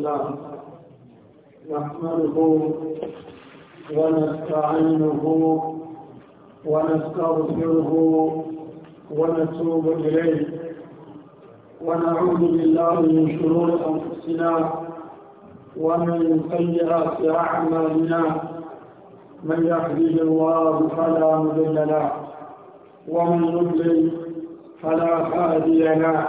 الله نحمده ونستعينه ونستغفره ونتوب إليه ونعوذ بالله من شرور أنفسنا ومن سيئات أعمالنا من يهده الله فلا مضل له ومن يضلل فلا هادي له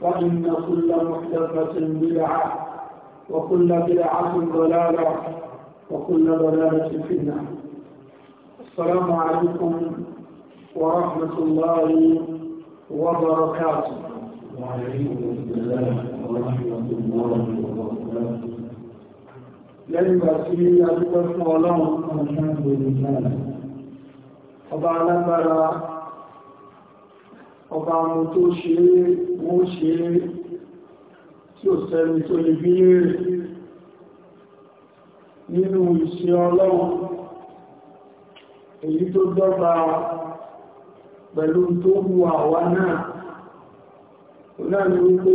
فإن كل محدثة بدعة وكل بدعة ضلالة وكل ضلالة في النار السلام عليكم ورحمة الله وبركاته وعليكم السلام ورحمة الله وبركاته لن بسيء أدوك الله الحمد لله أبعنا ọba ọmọ tó ṣe é wọ́n ṣe é tí ò sẹ́ni tó lè bí léèrè nínú ìṣe ọlọ́run èyí tó dọ́gba pẹ̀lú tó hu àwa náà ó náà ní wípé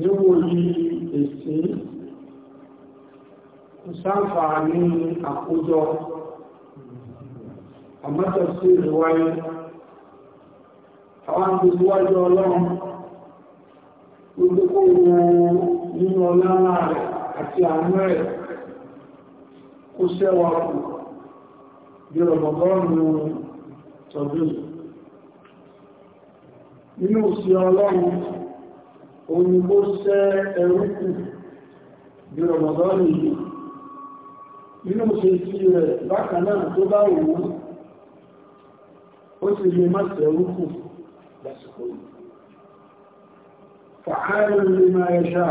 níwò yìí èsì kò sáǹfà ní àkójọ àmọ́tọ̀ sí ìwáyé àwọn gbogbo wájú ọlọ́run gbogbo ohun nínú ọlọ́run rẹ̀ àti àánú rẹ̀ kó sẹ́wà kù bí ọmọgọ́rùn-ún tọdún nínú òsì ọlọ́run òun kó sẹ́ ẹrú kù bí ọmọgọ́rùn-ún yìí nínú òsì ìsí rẹ̀ bákan náà tó bá lásìkò yìí fàáàrí lè máa ẹ̀ṣà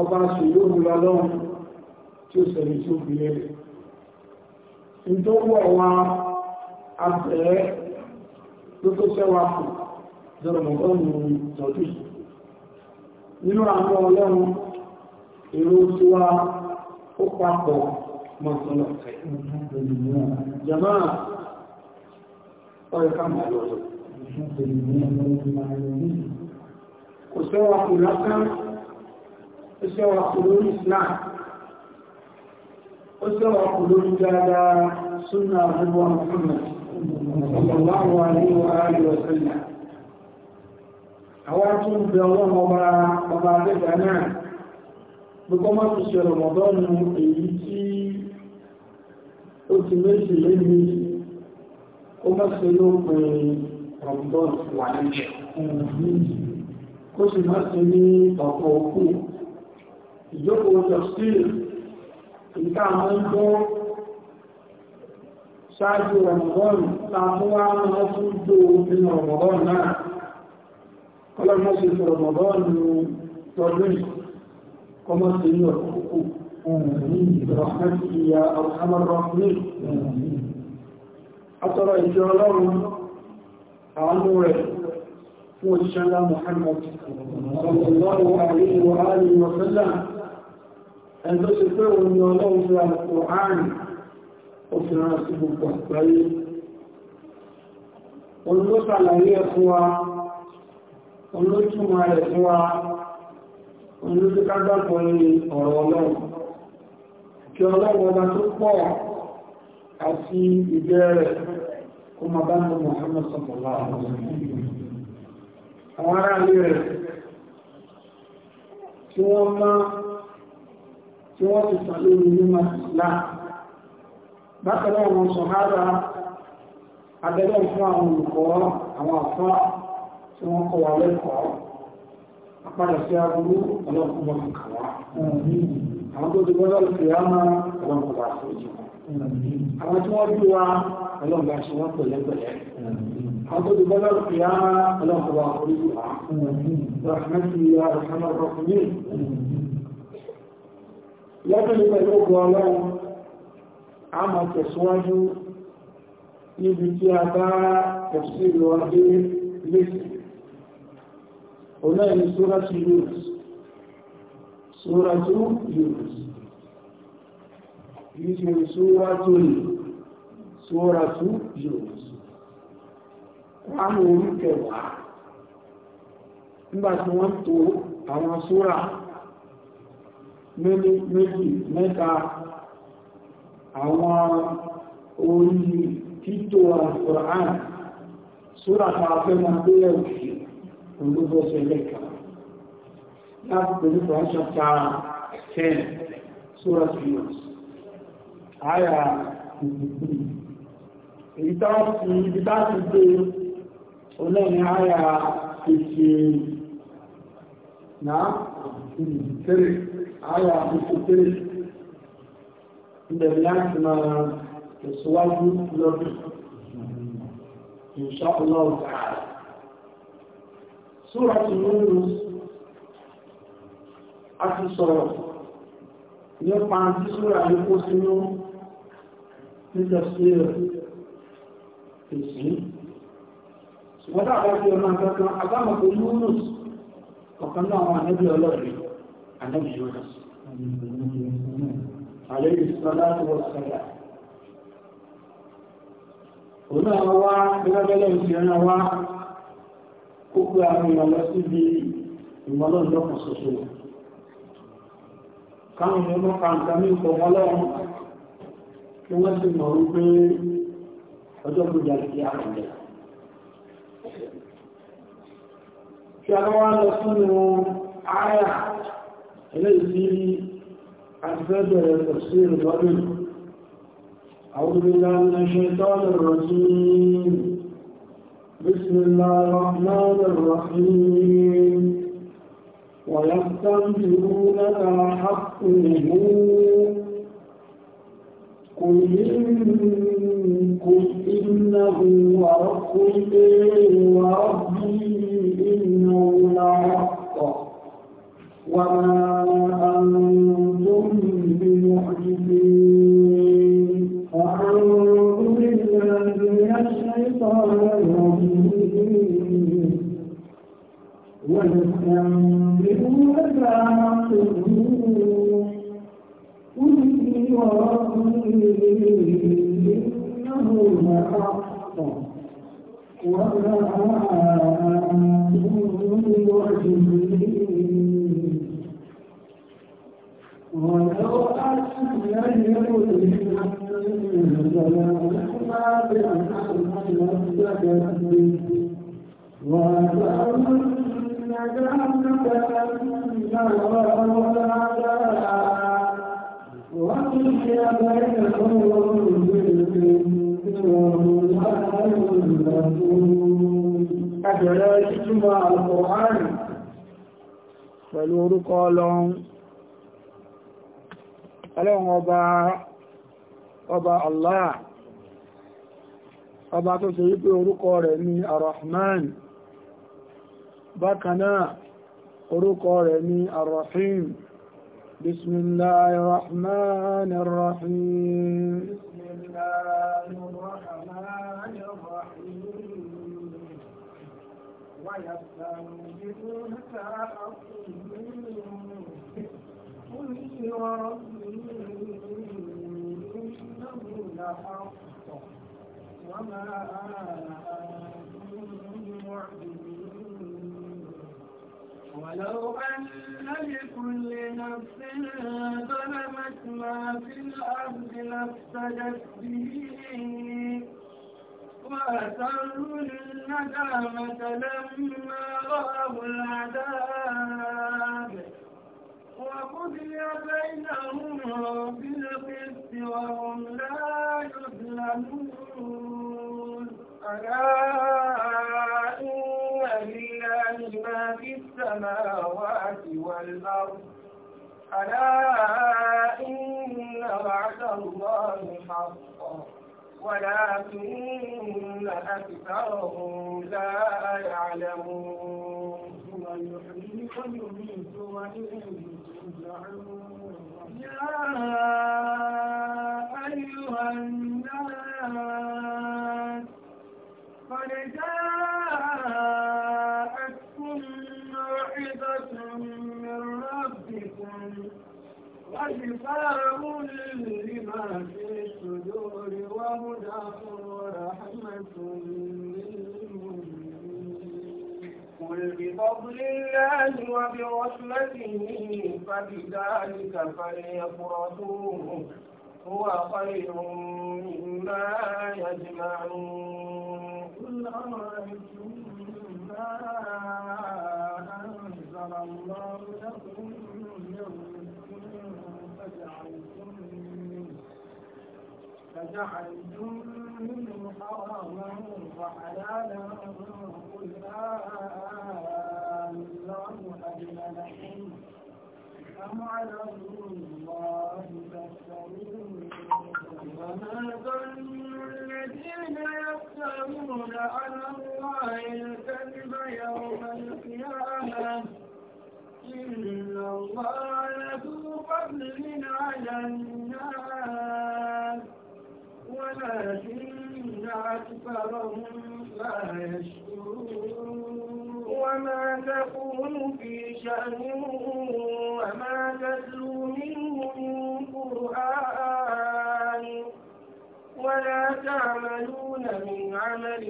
ọba sì yóò mú lọ́lọ́run tí ó sẹ̀rẹ̀ tí ó fi lẹ́lẹ̀ ìdánwò wa abẹ́rẹ́ ló tó sẹ́wà fún jọrọ̀mọ̀gọ́nù tọ́jú nínú àwọn ọlọ́run èrò kò sẹ́wà kò lásán ó sẹ́wà kò lórí Islam ó sẹ́wà kò lórí dáadáa súnà àbúgbà Muhammad sallallahu alaihi wa alihi wa sallam àwọn tó ń bẹ ọlọ́run ọba ọba náà gbogbo má ti ṣe ṣe rọ̀gbọ́n wà nílẹ̀ kó sì má sí ní ọ̀pọ̀ òkú ìjókòó tọ̀sílì ìta àwọn ń bọ́ ṣáájú rọ̀gbọ́n tàbúwá máa tún gbó nínú rọ̀gbọ́n náà kọlọ́mọ́ sí rọ̀gbọ́n tọdún kọmọ́ sí ní ọ̀pọ̀ òkú برحمتك يا أرحم àánú rẹ̀ fún òṣìṣẹ́ ńlá Muhammad sallallahu alaihi wa alihi wa sallam ẹni tó ṣe pé òun ni ọlọ́run fi àpò àárín ó fi rán sí gbogbo àgbáyé òun ló ṣàlàyé ẹ̀ fún wa òun ló túmọ̀ rẹ̀ fún wa òun ló ti ká gbàgbọ́ ní ọ̀rọ̀ ọlọ́run kí ọlọ́run ọba tó pọ̀ àti ìbẹ̀rẹ̀ ó máa bá ní Muhammad sallallahu alaihi wasallam àwọn ará ilé rẹ̀ tí wọ́n máa tí wọ́n ti sàlẹ̀ ní mímọ̀ ìsìlá bákan náà wọn sọ̀hárà abẹ́lẹ̀ fún àwọn olùkọ́ àwọn àfá tí wọ́n kọ́ wa lẹ́kọ̀ọ́ apádà sí aburú ọlọ́kùnbọ̀n kàwá àwọn tó ti gbọ́dọ̀ fi ọlọ́run bá ṣe wọ́n pẹ̀lẹ́pẹ̀lẹ́ àwọn tó ti bọ́lá fi á ọlọ́run bá orí wà rahmatu ya rahmatu rahmi lọ́dún nípa ìlọ́gbọ̀ ọlọ́run a máa tẹ̀síwájú níbi tí a bá tẹ̀sí lọ yìí Sóràtú Yunus. Kùránù orí kẹwàá. Nígbà tí wọ́n tó àwọn sóra méjì mẹ́ta àwọn orí títò Al-Qur'an sóra máa gbélẹ̀ òkè olúbọ̀sẹ̀ lẹ́ka. Láti pẹ̀lú Fọ́nṣọ́ ta 10 ibi tá ti gbé olóòrin àyà náà tẹ́rẹ àyà ìṣe tẹ́rẹ ìbẹ̀rẹ̀ láti máa tẹ̀síwájú lọ́dún ìṣọ́ ọlọ́run tààrà súra tí a ti sọ̀rọ̀ nípa tí súra yóò kó sínú kò sí ṣùgbọ́n tàbí ọjọ́ ọmọ akẹ́kọ̀ọ́ òun náà wá gẹ́gẹ́gẹ́lẹ́ wá pé àwọn sí bí ọmọ kàǹkà ní kí wọ́n sì mọ̀ wípé ọjọ́ gbogbo àti àwọn ọ̀dọ́. Kí a wá lọ sínú ààyà eléyìí tí a ti fẹ́ bẹ̀rẹ̀ pọ̀ sí ìrọ̀lọ́dún. أعوذ بالله من الشيطان الرجيم بسم الله الرحمن الرحيم ويستنبئونك حق قل إن ربكم إنه وربكم وربي إنه لحق وما أنتم بمعجزين أعوذ بالله من الشيطان الرجيم ويستنبئونك عن الصدور قل إني وربي يعملون حقا ولا أنتم معجزين ولو أسلم لنزلنا بأنعم لابتدت به وأن جهنم أنها وقل بينهم بالقسط Àjọ̀rẹ́ ìtumọ̀ Al-Qur'an pẹ̀lú orúkọ ọlọ́run. Ọlọ́run ọba ọba Allah, ọba tó ṣe wípé orúkọ rẹ̀ ni Ar-Rahman, bákanáà orúkọ rẹ̀ ni Ar-Rahim. بسم الله الرحمن الرحيم بسم الله الرحمن ويستنبطونك حقهم قل وربي إنه لحق وما أنتم معجزين ولو أن لكل نفس ظلمت ما في الأرض لافتدت به وأسروا الندامة لما رأوا العذاب وقضي بينهم بالقسط وهم لا يظلمون ألا إن لله ما في السماوات والأرض ألا إن وعد الله حقا ولكن أكثرهم لا يعلمون ويحيي ويميت وإليه ترجعون يا أيها الناس قد جاء وشفاء لما في الصدور وهدى ورحمة للمؤمنين قل بفضل الله وبرحمته فبذلك فليفرحوا هو خير مما يجمعون قل أرأيتم جعلتم منه حراما وحلالا قل الله أذن لكم أم على الله تفترون وما ظن الذين يفترون على الله الكذب يوم القيامة إن الله لذو فضل على الناس أكثرهم لا يشكرون وما تكون في شأن وما تتلو منه من قرآن ولا تعملون من عمل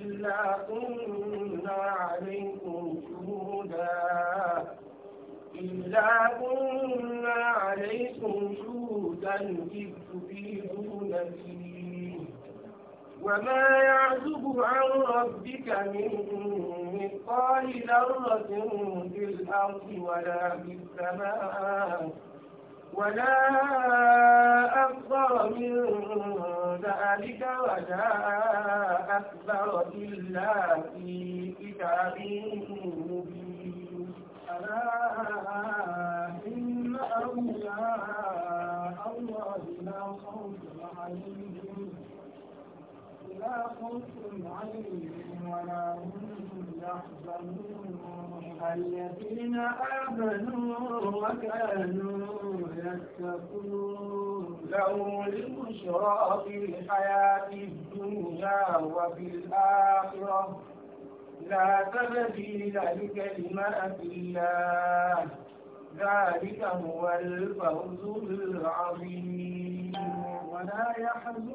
إلا كنا عليكم شهودا إلا كنا عليكم شهودا إذ تفيدون فيه وَمَا يعزب عن رَبِّكَ مِنْ مثقال ذرة في الأرض ولا في السماء ولا أكبر من ذلك ولا أكبر إلا في كتاب مبين ألا إن أولياء الذين آمنوا وكانوا يتقون له البشرى في الحياة الدنيا وفي الآخرة لا تبديل لكلمات الله ذلك هو الفوز العظيم ولا يحزن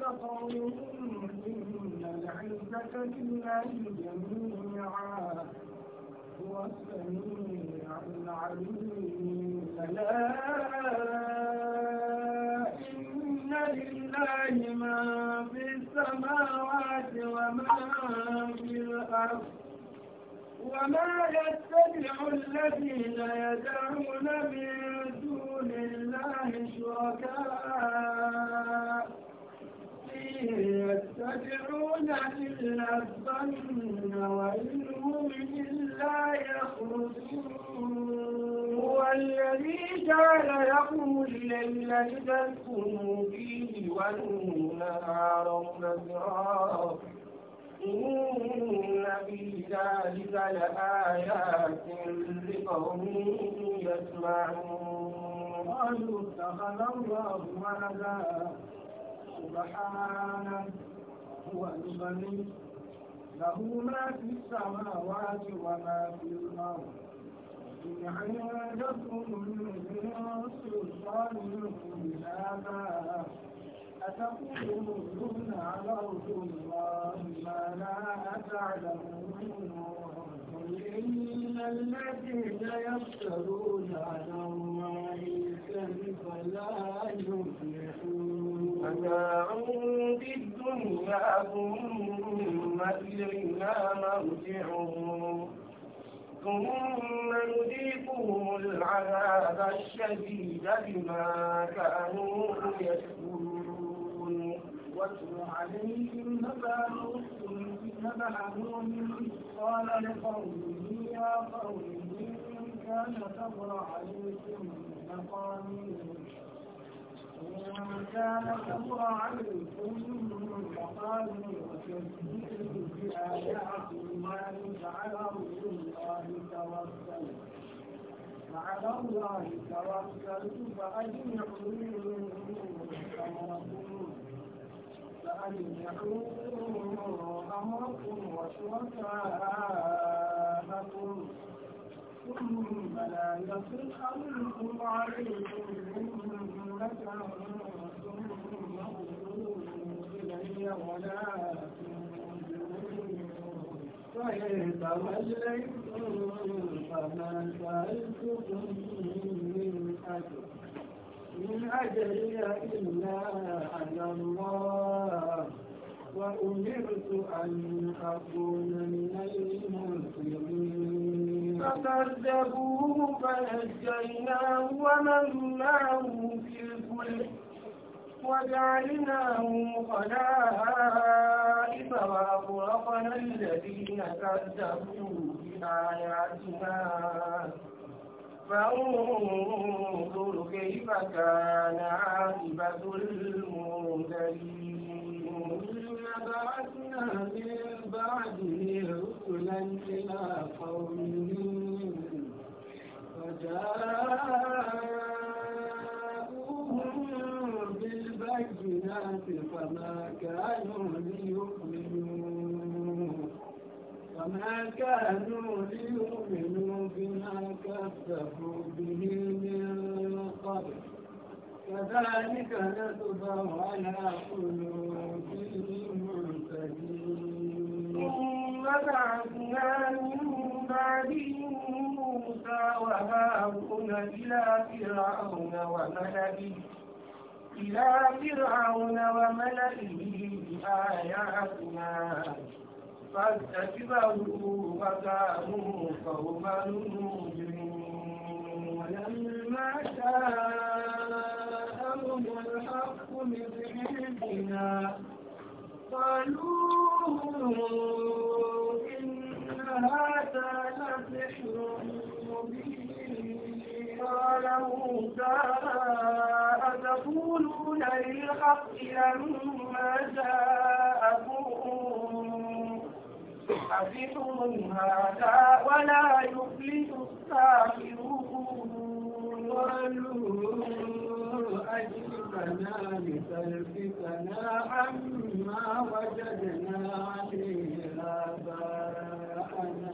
كفروا إن العزة لله جميعا هو السميع العليم فلا إن لله ما في السماوات وما في الأرض وما يتبع الذين يدعون من دون الله شركاء يتبعون إلا الظن وإنهم إلا يخرجون هو الذي جعل لكم الليل لتسكنوا فيه والنهار مبرا إن في ذلك لآيات لقوم يسمعون قالوا اتخذ الله ولدا سبحانه هو الغني له ما في السماوات وما في الأرض إن عندكم من سلطان بهذا أتقولون على الله ما لا تعلمون قل إن الذين يفترون على ثم إلينا مرجعهم ثم نذيقهم العذاب الشديد بما كانوا يكفرون واتل عليهم نبأ نوح قال لقومه يا قوم إن كان كبر عليكم مقامي كان كبر عليكم مقالي وتسجيله بآيات الله جعل رسول الله توكل فعلى الله توكلت فأجمعوا أمركم فأجمعوا أمركم وشركاءكم ثم لا يصل أمركم عليكم فإن توليتم فما سألتكم من أجر من أجري إلا على الله وأمرت أن أكون من المسلمين فكذبوه فنجيناه ومن معه في الفلك وجعلناهم خلائف وأغرقنا الذين كذبوا بآياتنا فانظر كيف كان عاقبة المنذرين بعثنا من بعده رسلا إلى قومهم فجاءوهم بالبينات فما كانوا ليؤمنوا فما كانوا ليؤمنوا بما كذبوا به من قبل كذلك نطبع على قلوب المعتدين ثم بعثنا من بعدهم موسى وهارون إلى فرعون وملئه إلى فرعون وملئه بآياتنا فاستكبروا وكانوا قوما مجرمين ولما كان الحق من عندنا قالوا إن هذا لسحر مبين قال موسى أتقولون للحق لما جاءكم حفظوا هذا ولا يفلح الساحرون قالوا أجرنا لتلفتنا عما وجدنا عليه آباءنا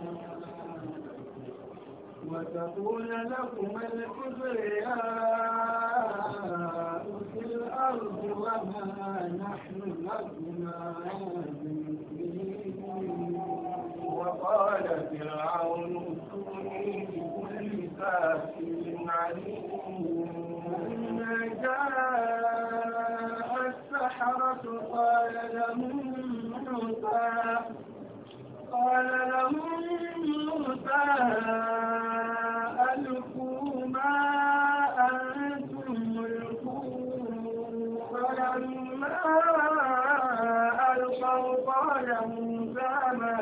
وتقول لكم الكبرياء في الأرض وما نحن لكما عزيزين فألقوا ما أنتم ملقون فلما ألقوا قال موسى ما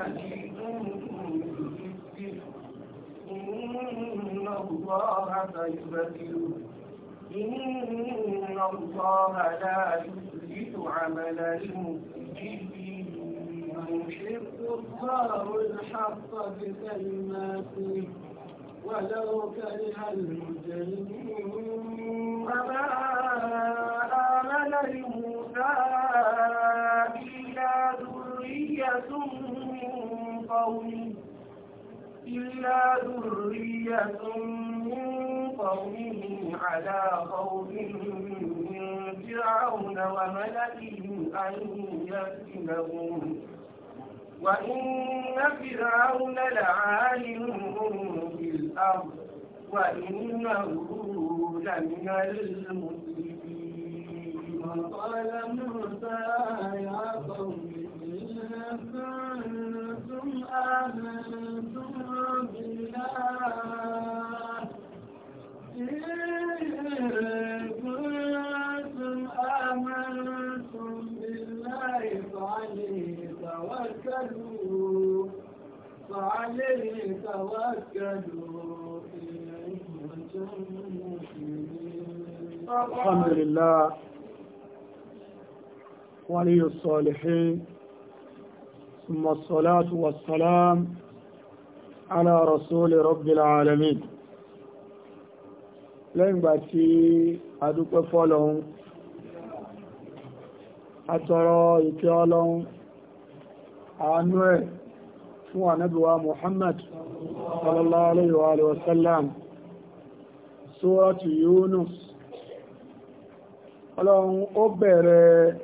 إن الله سيبدل إن الله لا يفلت عمل المفسدين الكفار الحق بكلماته ولو كره المجرمون وما آمن لموسى إلا ذرية من قومه إلا ذرية من قومه على قوم من فرعون وملئه أن يفتنهم وإن فرعون لعالم في الأرض وإنه لمن المسلمين وقال موسى يا قوم إن كنتم آمنتم بالله الحمد لله ولي الصالحين ثم الصلاة والسلام على رسول رب العالمين lẹ́yìn gbà tí a dúpẹ́ fọ́lọ́hun a fún ànábíwá Muhammad sallallahu alaihi wa sallam sóràtù Yunus ọlọ́run ó bẹ̀rẹ̀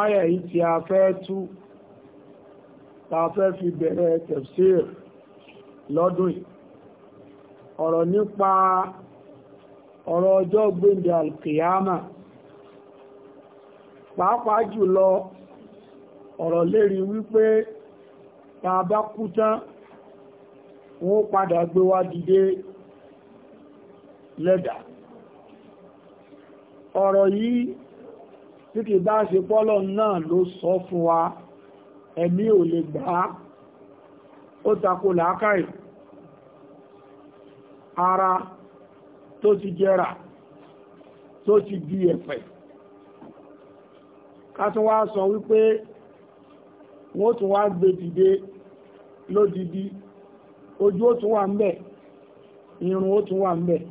ayà yìí tí a fẹ́ tú ta fẹ́ fi bẹ̀rẹ̀ tafsir lọ́dún yìí ọ̀rọ̀ nípa ọ̀rọ̀ ọjọ́ gbẹ̀ndẹ̀ alkiyama pàápàá jùlọ ọ̀rọ̀ lérí wípé tàà bá kú tán wọ́n padà gbé wá dìde lẹ́dà ọ̀rọ̀ yìí tí kì bá ṣe pọ́lọ̀ náà ló sọ fún wa ẹ̀mí ò lè gbà ó tako làákàì ara tó ti jẹrà tó ti di ẹ̀fẹ̀ ká tún wá sọ wípé wọ́n tún wá gbé dìde lódìdí ojú ó tún wà ń bẹ̀ irun ó tún wà ń bẹ̀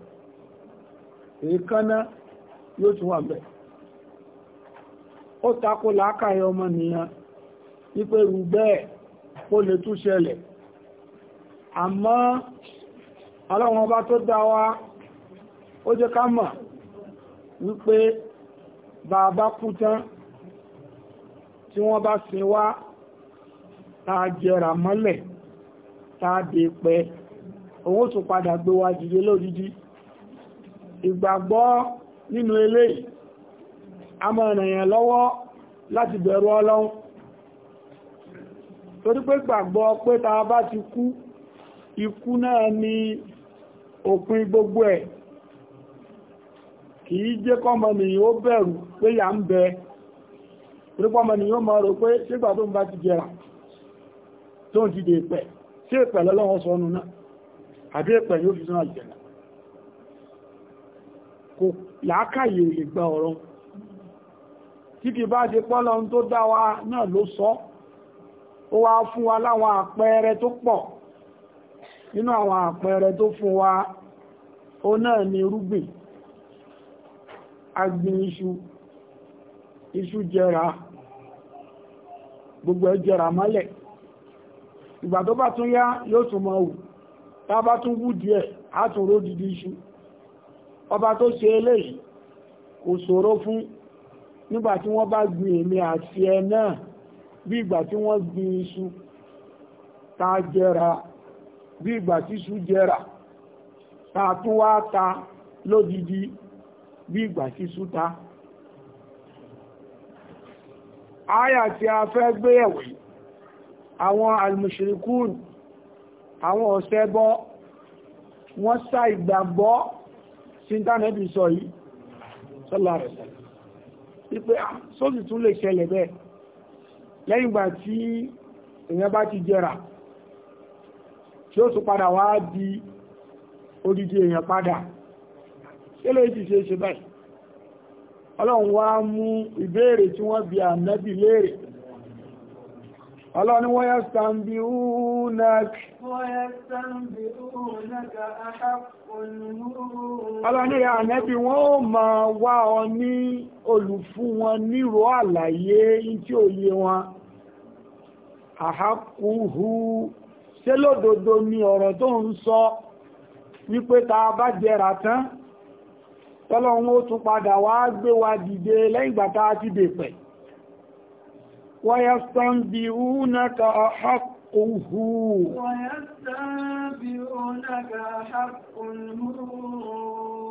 èékánná yóò tún wà ń bẹ̀ ó takò làákàyè ọmọnìyàn wípé rú bẹ́ẹ̀ ó lè tún ṣẹlẹ̀ àmọ́ ọlọ́run ọba tó dá wa ó jẹ́ ká mọ̀ wípé bàbá kú tán tí wọ́n bá sin wá tá a jẹrà mọ́lẹ̀ tá a dé pẹ́ owó tó padà gbé wa dìde lódìdí ìgbàgbọ́ nínú eléyìí a máa rìnyàn lọ́wọ́ láti bẹ̀rù ọlọ́run torí pé gbàgbọ́ pé tá a bá ti kú ikú náà ni òpin gbogbo ẹ̀ kìí jẹ́ kọ́mọnìyàn ó bẹ̀rù pé yà ń bẹ torí kọ́mọnìyàn ó máa rò pé ṣégbà tó ń bá ti jẹrà tó ń dìde ìpẹ̀ sí ìpẹ̀ lọ́lọ́wọ́ sọ́nù náà àbí ìpẹ̀ yóò fi sọ́nà ìjẹ̀nà kò làákàyè lè gba ọ̀rọ̀ tí kì bá ṣe pọ́lọ tó dá wa náà ló sọ ó wá fún wa láwọn àpẹẹrẹ tó pọ̀ nínú àwọn àpẹẹrẹ tó fún wa ó náà ni rúgbìn agbìn iṣu iṣu jẹrà gbogbo ẹ jẹrà mọ́lẹ̀ ìgbà tó bá tún yá yóò tún mọ wù tá bá tún wù díẹ̀ á tún ró didi iṣu ọba tó ṣe eléyìí kò ṣòro fún nígbà tí wọ́n bá gbin èmi àti ẹ náà bí ìgbà tí wọ́n gbin iṣu ta jẹra bí ìgbà tí iṣu jẹra ta tún wá ta lódidi bí ìgbà tí iṣu ta. Aya tí a fẹ́ gbé ẹ̀wẹ̀ yìí àwọn almushrikun àwọn ọ̀sẹ́bọ wọ́n sá ìgbàgbọ́ sí ìntánẹ́bì sọ yìí sọ́lá rẹ̀ wípé ah, sóòsì tún lè ṣẹlẹ̀ bẹ́ẹ̀ lẹ́yìn ìgbà tí èèyàn bá ti jẹrà tí ó tún padà wá di odidi èèyàn padà sílẹ̀ ìtì ṣe ṣe báyìí ọlọ́run wá mú ìbéèrè tí wọ́n bi ànábì léèrè ọlọ́ni wọ́n yẹ́ sàmbí ọlọ́ni ya ànẹ́bí wọ́n ó máa wá ọ ní olùfún wọn nírò àlàyé tí ó yé wọn àhákùhù ṣé lódodo ni ọ̀rọ̀ tó ń sọ wípé ta bá jẹrà tán tọ́lọ́run ó tún padà wá gbé wa dìde lẹ́yìn ìgbà tá a ويستنبئونك أحق هو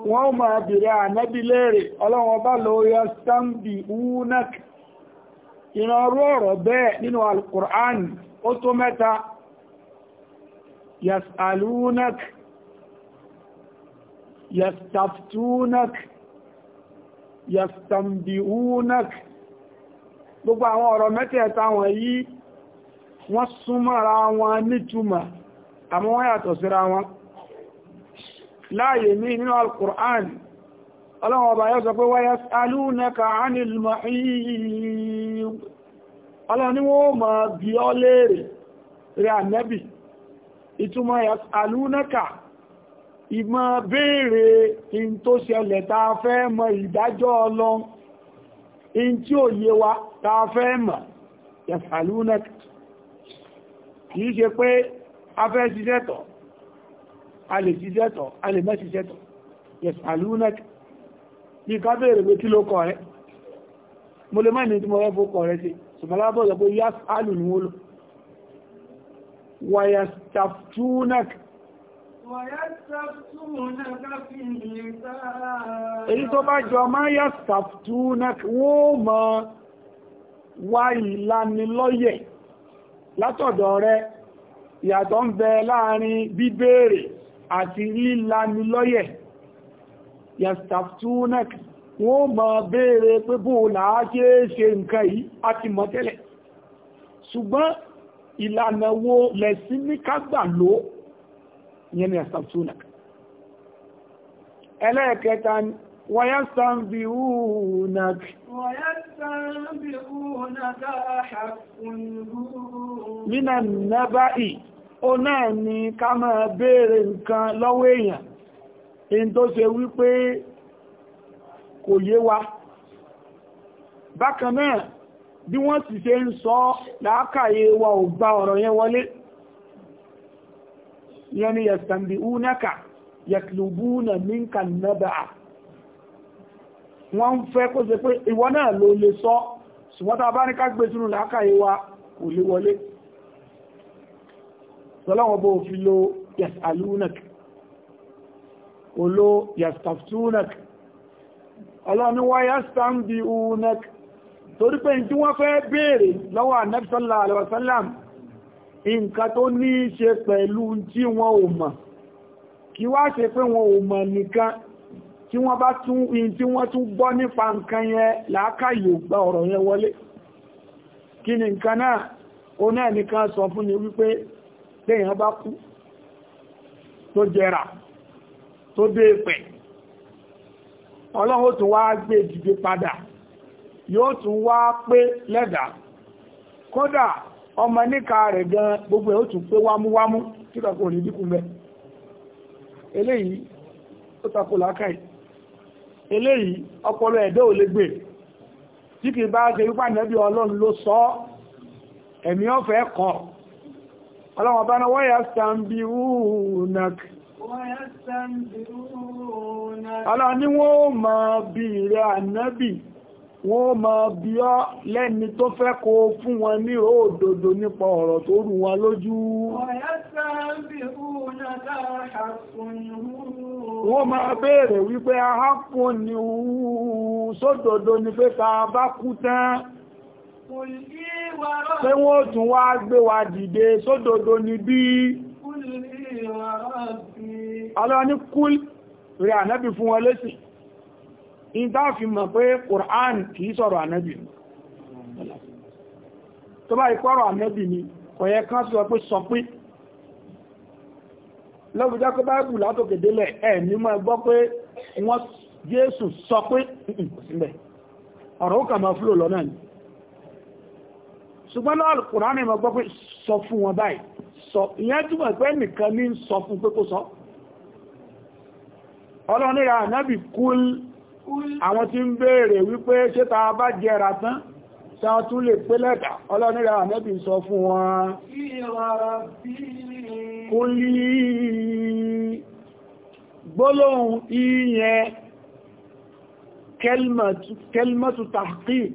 وما بلا نبي ليري الله وبا يستنبئونك إن أرور بي من القرآن أتمتى يسألونك يستفتونك يستنبئونك gbogbo àwọn ọ̀rọ̀ mẹ́tẹ̀ẹ̀ta wọn yí wọ́n súnmọ́ra wọn nítumọ̀ àmọ́ wọ́n yàtọ̀ síra wọn láàyè ní nínú al-Qur'an ọlọ́wọ́ ọba yóò sọ pé wáyé alúnẹ́ka anil mahib ọlọ́ni in tí ó yé wa ta fẹ́ mọ̀ yẹ̀fàlúnẹ̀k kìí ṣe pé a fẹ́ ṣiṣẹ́tọ̀ a lè ṣiṣẹ́tọ̀ a lè mẹ́ ṣiṣẹ́tọ̀ yẹ̀fàlúnẹ̀k ní ká bèèrè pé kí ló kọ rẹ̀ mo lè mẹ́ni tí mo rẹ́ fó kọ rẹ̀ sí ṣùgbọ́n èyí tó bá jọ máa yà sàftú náà wọ́n mọ́ wá ìlanilọ́yẹ̀ látọ̀dọ̀ rẹ ìyàtọ̀ ń bẹ láàrin bíbéèrè àti lílanilọ́yẹ̀ yà sàftú náà wọ́n mọ́ béèrè pé bóòlà á ṣe é ṣe nǹkan yìí àti mọ̀tẹ́lẹ̀ ṣùgbọ́n ìlànà wo lẹ̀sìn ní kágbà lóó ìyẹn ni àsàbùsùnà ẹlẹ́ẹ̀kẹta ni wọ́n yá sàn bí wúhùnà mínà nábàáì ó náà ni ká máa béèrè nǹkan lọ́wọ́ èèyàn in tó ṣe wípé kò yé wa bákan náà bí wọ́n sì ṣe ń sọ làákàyè wa ò gba ọ̀rọ̀ yẹn wọlé Yani ni yẹ̀sàmbì únákà yẹ̀kìlúbúnà mínkà nẹ́bàá wọ́n ń fẹ́ kó ṣe pé ìwọ náà ló lè sọ ṣùgbọ́n tá bá ní ká gbé wa kò lè wọlé sọlọ́wọ́ bó fi lo yẹ̀sàlúnàk kò lo yẹ̀sàftúnàk ọlọ́ni wọ́n yẹ̀sàmbì únákà torí pé tí wọ́n fẹ́ béèrè lọ́wọ́ ànábì sallallahu alaihi wasallam nǹkan tó ní í ṣe pẹ̀lú tí wọn ò mọ̀ kí wá ṣe pé wọn ò mọ̀ nìkan tí wọ́n bá tún in tí wọ́n tún gbọ́ nípa nǹkan yẹn làákàyò gba ọ̀rọ̀ yẹn wọlé kí ni nǹkan náà ó náà nìkan sọ fún ni wípé téèyàn bá kú tó jẹrà tó dé pẹ̀ ọlọ́run tún wá gbé dìde padà yóò tún wá pé lẹ́dàá kódà ọmọ níka rẹ̀ gan gbogbo ẹ̀ ó tún pé wámúwámú tí kàkó ní dínkù mẹ́ eléyìí ó takò lákàì eléyìí ọpọlọ ẹ̀dẹ́ ò lè gbè tí kìí bá ṣe wípà nẹ́bí ọlọ́run ló sọ ẹ̀mí ọ̀fẹ́ kọ̀ ọlọ́run ọba náà wọ́yà sàmbí wúùnàk ọlọ́run ni wọ́n mọ̀ bí rẹ̀ ànábì wọ́n máa bí ọ́ lẹ́ni tó fẹ́ kó fún wọn ní òdodo nípa ọ̀rọ̀ tó rú wọn lójú wọ́n máa béèrè wípé ahákùn ni sódodo ni pé ta bá kú tán pé wọ́n tún wá gbé wa dìde sódodo ni bí ọlọ́ni kúl rí ànábì fún wọn lésì ìdáfi mọ̀ pé Qur'an kìí sọ̀rọ̀ ànẹ́bì tó bá ìpọ̀rọ̀ ànẹ́bì ni ọ̀yẹ kan sọ pé sọ pé lọ́gbùjá kó báìbù látòkè délẹ̀ ẹ̀ ní mọ́ gbọ́ pé wọ́n Jésù sọ pé ìpòsílẹ̀ ọ̀rọ̀ ó kà máa fúlò lọ́nà ni ṣùgbọ́n náà Qur'an ni mọ́ gbọ́ pé sọ fún wọn báyìí ìyẹn túnmọ̀ pé nìkan ní sọ fún pé kó sọ ọlọ́nira ànábì kúl àwọn tí ń béèrè wípé ṣé ta bá jẹrà tán ta tún lè pé lẹ́ta ọlọ́nira àmẹ́bì sọ fún wọn kó lè gbólóhùn ìyẹn kẹlmọ́tù tahqiq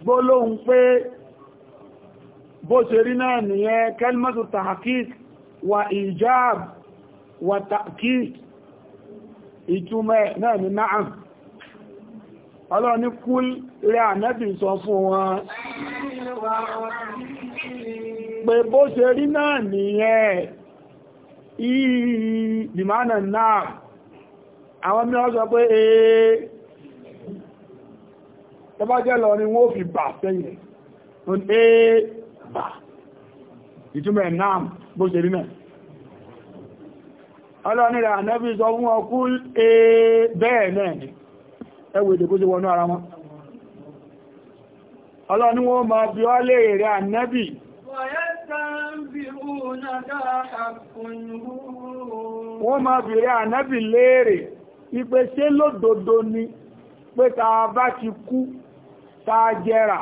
gbólóhùn pé bó ṣe rí náà nìyẹn kẹlmọ́tù tahqiq wa ìjáàb wa tahqiq ìtumẹ̀ náà ni náà ọlọ́run ní kúl rẹ̀ ànẹ́bì sọ fún wọn pé bó ṣe rí náà nìyẹn ìyí dìmánà náà àwọn mìíràn sọ pé ee tọba jẹ́ lọ ni wọ́n fi bà sẹ́yìn ee bà ìtumẹ̀ náà bó ṣe rí náà ọlọ́nira ànábí sọ fún ọkú e, bẹ́ẹ̀ náà ni ẹwù èdè kó sí wọnú ara wọn ọlọ́ni wọ́n máa bí ọ lè rẹ̀ ànábì wọ́n máa bí rẹ̀ ànábì léèrè ipé ṣé lódodo ni pé ta bá ti kú ta jẹrà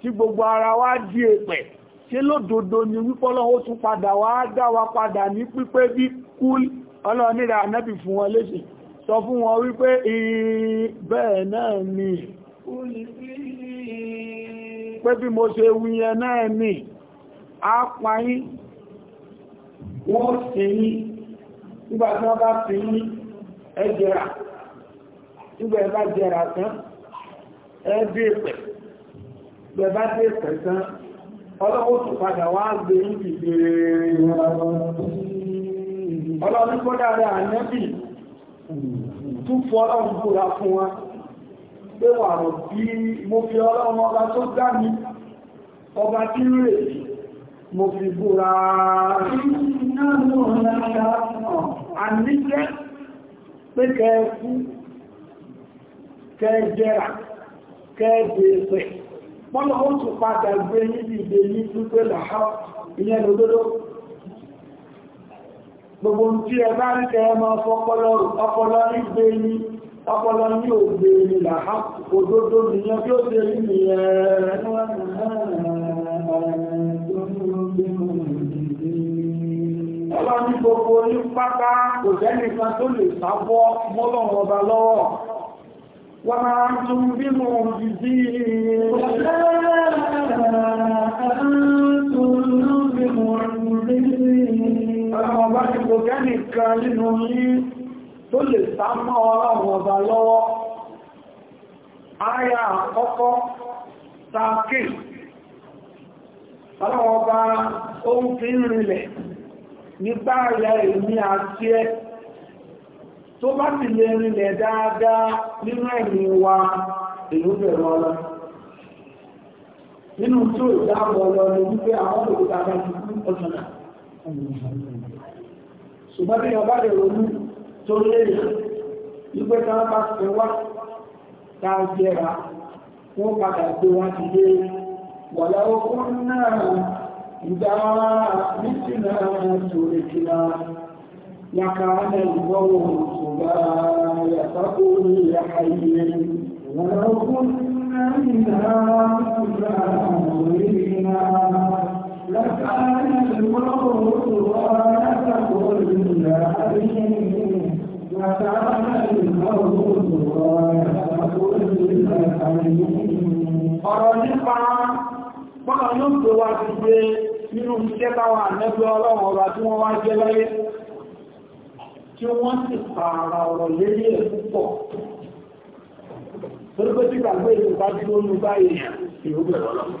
tí gbogbo ara wa di èpẹ̀ ṣé lódodo ni wípọ́lọ́wọ́ tún padà wá dá padà ní pípé bí kúlù ọlọ́nira ànábì fún wọn léṣe sọ fún wọn wípé bẹ́ẹ̀ náà ni pé bí mo ṣe wíyẹn náà ni a pàáyí wọ́n sí ní nígbà tí wọ́n bá sí ní ẹjẹ́ra nígbà ẹ̀bá jẹ́ra tán ẹbí ìpẹ̀ bẹ̀bá dé ìpẹ̀ tán ọlọ́wọ́ tó padà wá gbé ní ìgbèrè ọlọ́run kó dára ànẹ́bì tún fọ́ ọlọ́run búra fún wa pé wà rọ̀ bí mo fi ọlọ́run ọba tó dá mi ọba tí ń rè mo fi búra àníjẹ́ pé kẹfú kẹjẹrà kẹjẹ̀ẹ́sẹ̀ mọ́lọ́wọ́ tún padà gbé níbi ìdè ní pípẹ́ làá ìyẹn lòdòdó gbogbo tí ẹ bá rí kẹrẹ máa fọ́pọ́lọ́ ọpọlọ ní gbé ní ọpọlọ ní ògbé ní làá òdòdó nìyàn tí ó ṣe rí ní ẹ̀rọ ní gbogbo ní pátá kò sẹ́nìkan tó lè sábọ́ mọ́lọ̀wọ̀ ọba lọ́wọ́ ẹnìkan nínú yín tó lè sá mọ́ ọlọ́run ọba lọ́wọ́ ayà àkọ́kọ́ tàkì ọlọ́run ọba ohun fi ń rinlẹ̀ nígbà èmi àti ẹ tó bá ti lè dáadáa nínú ẹ̀mí wa nínú wípé àwọn òkúta bá ṣùgbọ́n bí ọba lè ronú tó léèrè wípé tí bá fẹ́ wá a jẹra wọ́n padà gbé wọn ti dé wọ̀lá okun náà ìdá nísìnà sórí kíra yàkà ní ìgbọ́wọ́ ṣùgbọ́n náà Ọ̀rọ̀ nípa bọ́nà yóò tó wá ti gbé nínú iṣẹ́ táwọn àmẹ́gbẹ́ ọlọ́run ọba tí wọ́n wá jẹ́ láyé tí wọ́n sì pààrà ọ̀rọ̀ lérí ẹ̀ púpọ̀. Torípé tí gbàgbé ìlú bá dúró ní báyìí ìrúgbẹ̀rọ̀ lọ́wọ́.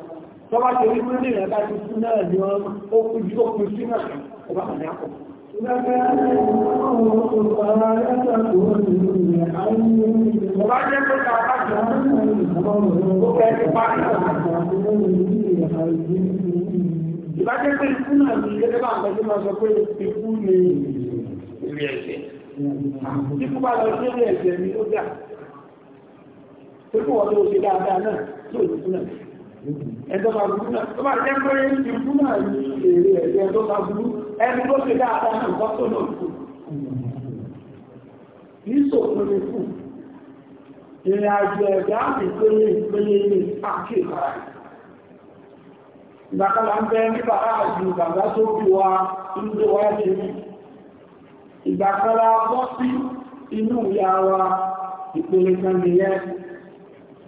tọ́wá ṣe rí pé nìyẹn bá ti kú náà ni wọ́n ó kú ó kú sí náà ó bá kàn yàpọ̀. Ọba jẹ́ pé ká bá jọ ó bẹ́ẹ̀ ti pa ní ìbájẹ́ pé ikú náà ni gẹ́gẹ́ bá àgbẹ̀jẹ́ máa sọ pé ikú ni ìrìn ẹ̀ṣẹ̀. Ikú bá lọ sí ìrìn ẹ̀ṣẹ̀ ni ó dà. Pé kí wọ́n tó ṣe dáadáa náà tó ìlú náà ẹ̀dọ́gba burú náà tó bá jẹ́ pé ìlú náà ní èrè ẹ̀dẹ́ ẹ̀dọ́gba burú ẹni tó ṣe dáadáa náà nǹkan tó náà kù kì í sòfin ní kù ìrìn àjò ẹ̀dá àti ìpele ìpele ní àkè ìbára ìgbàkalà ń bẹ níbàrá àjò bàbá tó bí wa ń gbé wa ṣe ní ìgbàkalà bọ́ sí inú ìyá wa ìpele kan nìyẹn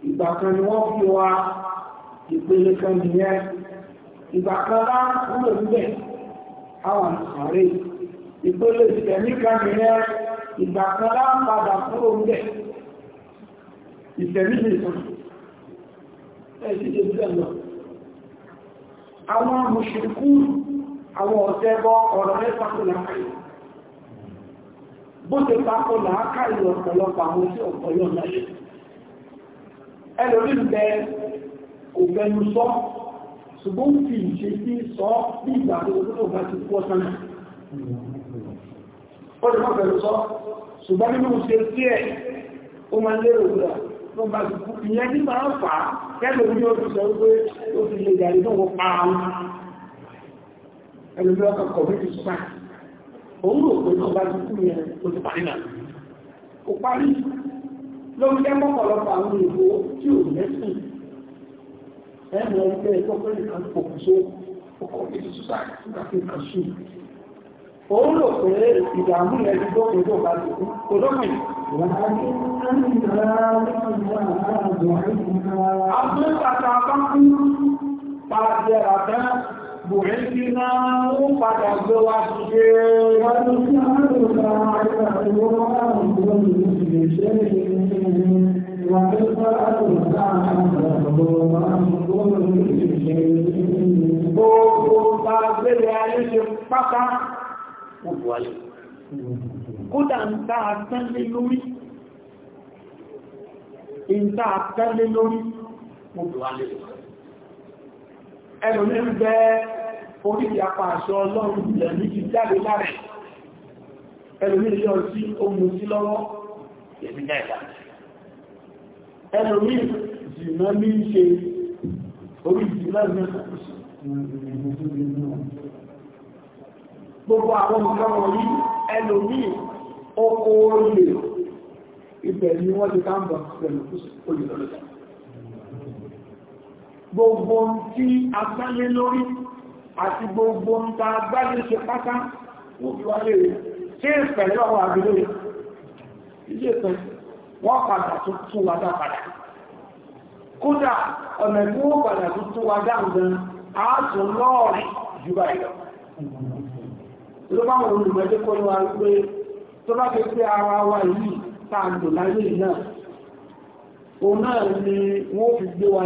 ìgbà kan ni wọ́n fi wa ìpele kan nìyẹn ìgbà kan bá kúrò níbẹ̀ àwọn àárẹ̀ ìpele ìtẹ̀mí kan nìyẹn ìgbà kan bá padà kúrò níbẹ̀ ìtẹ̀mí nìkan ẹ̀sì ṣe bí ẹ̀lọ àwọn mùsùlùkú àwọn ọ̀tẹ́bọ ọ̀rọ̀ mẹ́ta kò láàkàyè bó ṣe tako làákàyè ọ̀pọ̀lọpọ̀ àwọn tí ọ̀pọ̀lọpọ̀ láyé ẹlòmí bẹ́ẹ̀ kò fẹ́nu sọ ṣùgbọ́n fi ìṣe sí sọ bí ìgbà tó tó bá ti pọ́ sánà ó lè máa fẹ́nu sọ ṣùgbọ́n nínú ṣe sí ẹ̀ ó máa lérò rà ló bá ti kú ìyẹn tí máa fà á kẹ́lò ní oṣù sọ pé ó ti lè gàrí náà pa àwọn ẹlòmí ẹ̀mọ̀ ẹgbẹ́ ìtọ́pẹ́lì kan pòkù só ọkọ̀ ìlú sọ́sáàkì fún àfihàn sí ó ń lò pé ìdààmú rẹ̀ ti gbọ́ pẹ̀lú ọba lòkú kò lómìn àbúrúkàtà bá ń pàdé àbẹ́ bùrẹ́ sí náà ó padà gbé wá ṣe wọ́n Kódà ń tá àtẹ́lé lórí, ń tá àtẹ́lé lórí, mo bùwà lè. Ẹlò ní ń bẹ orílẹ̀ apá àṣọ ọlọ́run ìlẹ̀ ní ti jáde láàrẹ̀. Ẹlò ní ìṣọ́ sí ohun sí lọ́wọ́, èmi náà ìlànà ẹlòmí ìsìnà ní ṣe orí ìsìnà gbogbo àwọn nǹkan wọ̀nyí ẹlòmí oko olè ibẹ̀ ni wọ́n ti ká gbogbo tí a gbálé lórí àti gbogbo ń ta gbálé ṣe pátá wọ́n fi wá lè rí ṣe ìpẹ̀lẹ́ ọwọ́ àbílẹ̀ ilé ìpẹ̀lẹ́ wọ́n padà tó tún wa dá padà kódà ọ̀nà tí wọ́n padà tó tún wa dá nǹkan á tún lọ́ọ̀rìn jù báyìí lọ ló bá wọn ni wọ́n fi gbé wa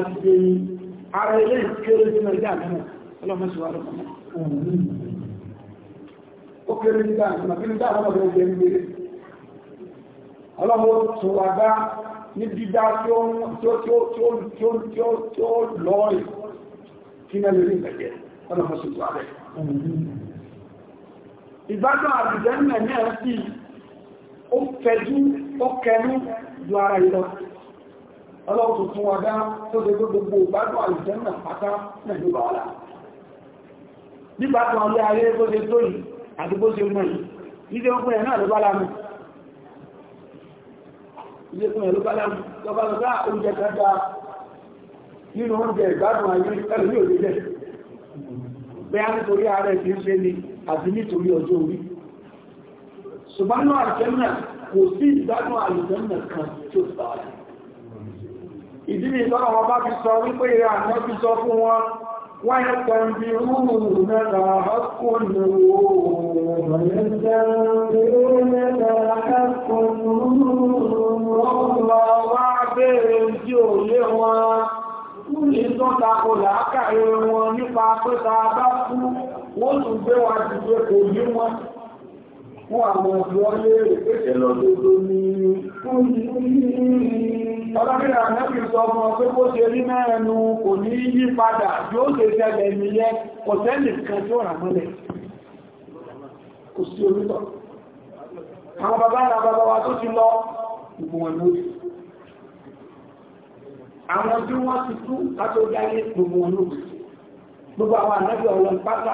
ti gbé yìí ara ilé ìkéré sí nàìjíríà náà ọlọ́mọ̀síwá lọ́kọ̀ọ́ ó ọlọ́mọ tún wà dá ní dídá tí ó lọ́ọ̀rì kí náà lórí ìgbẹ̀jẹ̀ ọlọ́mọ sí wà rẹ̀ ìgbádùn àbìjẹ́ nílẹ̀ ní ẹ̀rọ sí ó fẹ̀jú ó kẹrú ju ara ìlọ ọlọ́wọ́ tó tún wà dá tó ṣe gbogbo ìgbádùn àbìjẹ́ náà pátá nẹ̀lú bàálà nígbàtàn ọlẹ́ ayé tó ṣe tó yìí àti bó ṣe mọ́ yìí ilé fún ẹ̀lú bálámù lọ́bá lọ bá oúnjẹ dáadáa nínú oúnjẹ ìgbádùn ayé ẹ̀lú yóò lè jẹ́ bẹ́ á nítorí ààrẹ tí ń ṣe ni àti nítorí ọjọ́ orí ṣùgbọ́n àjẹ́mìnà kò sí ìgbádùn àjẹ́mìnà kan tí ó sáà ìdí ni ìtọ́nà wọn ويستنبئونك حق ويستنبئونك حق والله وعبير الجولي Ìtọ́ tako làákàrí wọn nípa pẹ́ta bá kú, wọ́n tún gbé wa jùgbé kò yí wọn fún àwọn ọ̀dọ́ léèrè pèsè lọ́dọ́dọ́ ní ọlọ́pìnà mẹ́fì sọ fún ọ pé kó ṣe rí mẹ́rẹnu kò ní yí padà bí ó ṣe ṣẹlẹ̀ nìyẹn kò sẹ́lì kan tí ó rà mọ́lẹ̀ kò sí orítọ̀ àwọn bàbá ìlà bàbá wa tó ti lọ ìgbòhàn lórí àwọn tí wọ́n ti tú látó dáyé gbogbo wọn lórí gbogbo àwọn ànábì ọ̀rọ̀ pátá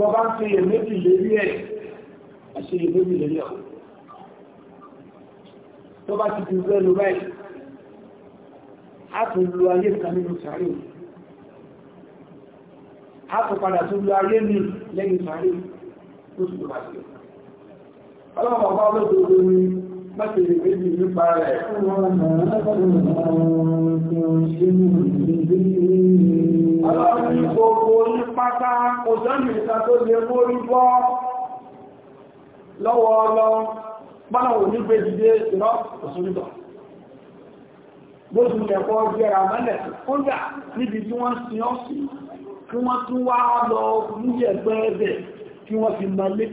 bọ́bá ń fi èméjì lérí ẹ̀ àṣẹ èméjì lérí ọ̀ tó bá ti dùn lẹ́nu báyìí a tún lo ayé kan nínú sàárè a tún padà tún lo ayé mi lẹ́yìn sàárè tó tún lọ bá sí láti lè méjì nípa rẹ̀. Ọlọ́run gbogbo ní pátá òjọ́nì ìta tó lè mórí bọ́ lọ́wọ́ ọlọ pọ́nà òní pé dìde ìrọ́ òsúrítọ̀. Bóṣù lẹ̀kọ́ jẹ́ra mẹ́lẹ̀ kódà níbi tí wọ́n sin ọ́ sí kí wọ́n tún wá lọ níyẹ̀gbẹ́ ẹ̀bẹ̀ kí wọ́n fi mọ́lé.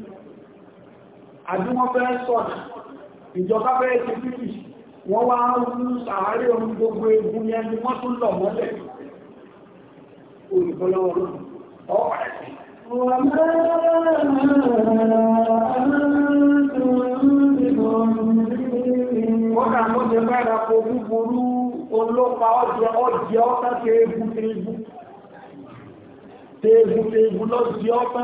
Àbí wọ́n fẹ́ sọ̀rọ̀ ìjọba bẹ́ẹ̀ ti bíbì wọ́n wá ń sàárè ohun gbogbo egun yẹn ni wọ́n tún lọ mọ́lẹ̀ olùkọ́lọ́wọ́ ọ̀pàá ẹ̀sìn Wọ́n kà mọ́ jẹ mẹ́ra kò búburú olópa ọjẹ́ ọjẹ́ ọ́tá tẹ́ẹ̀bù tẹ́ẹ̀bù. Tẹ́ẹ̀bù tẹ́ẹ̀bù lọ́jẹ́ ọ́tá.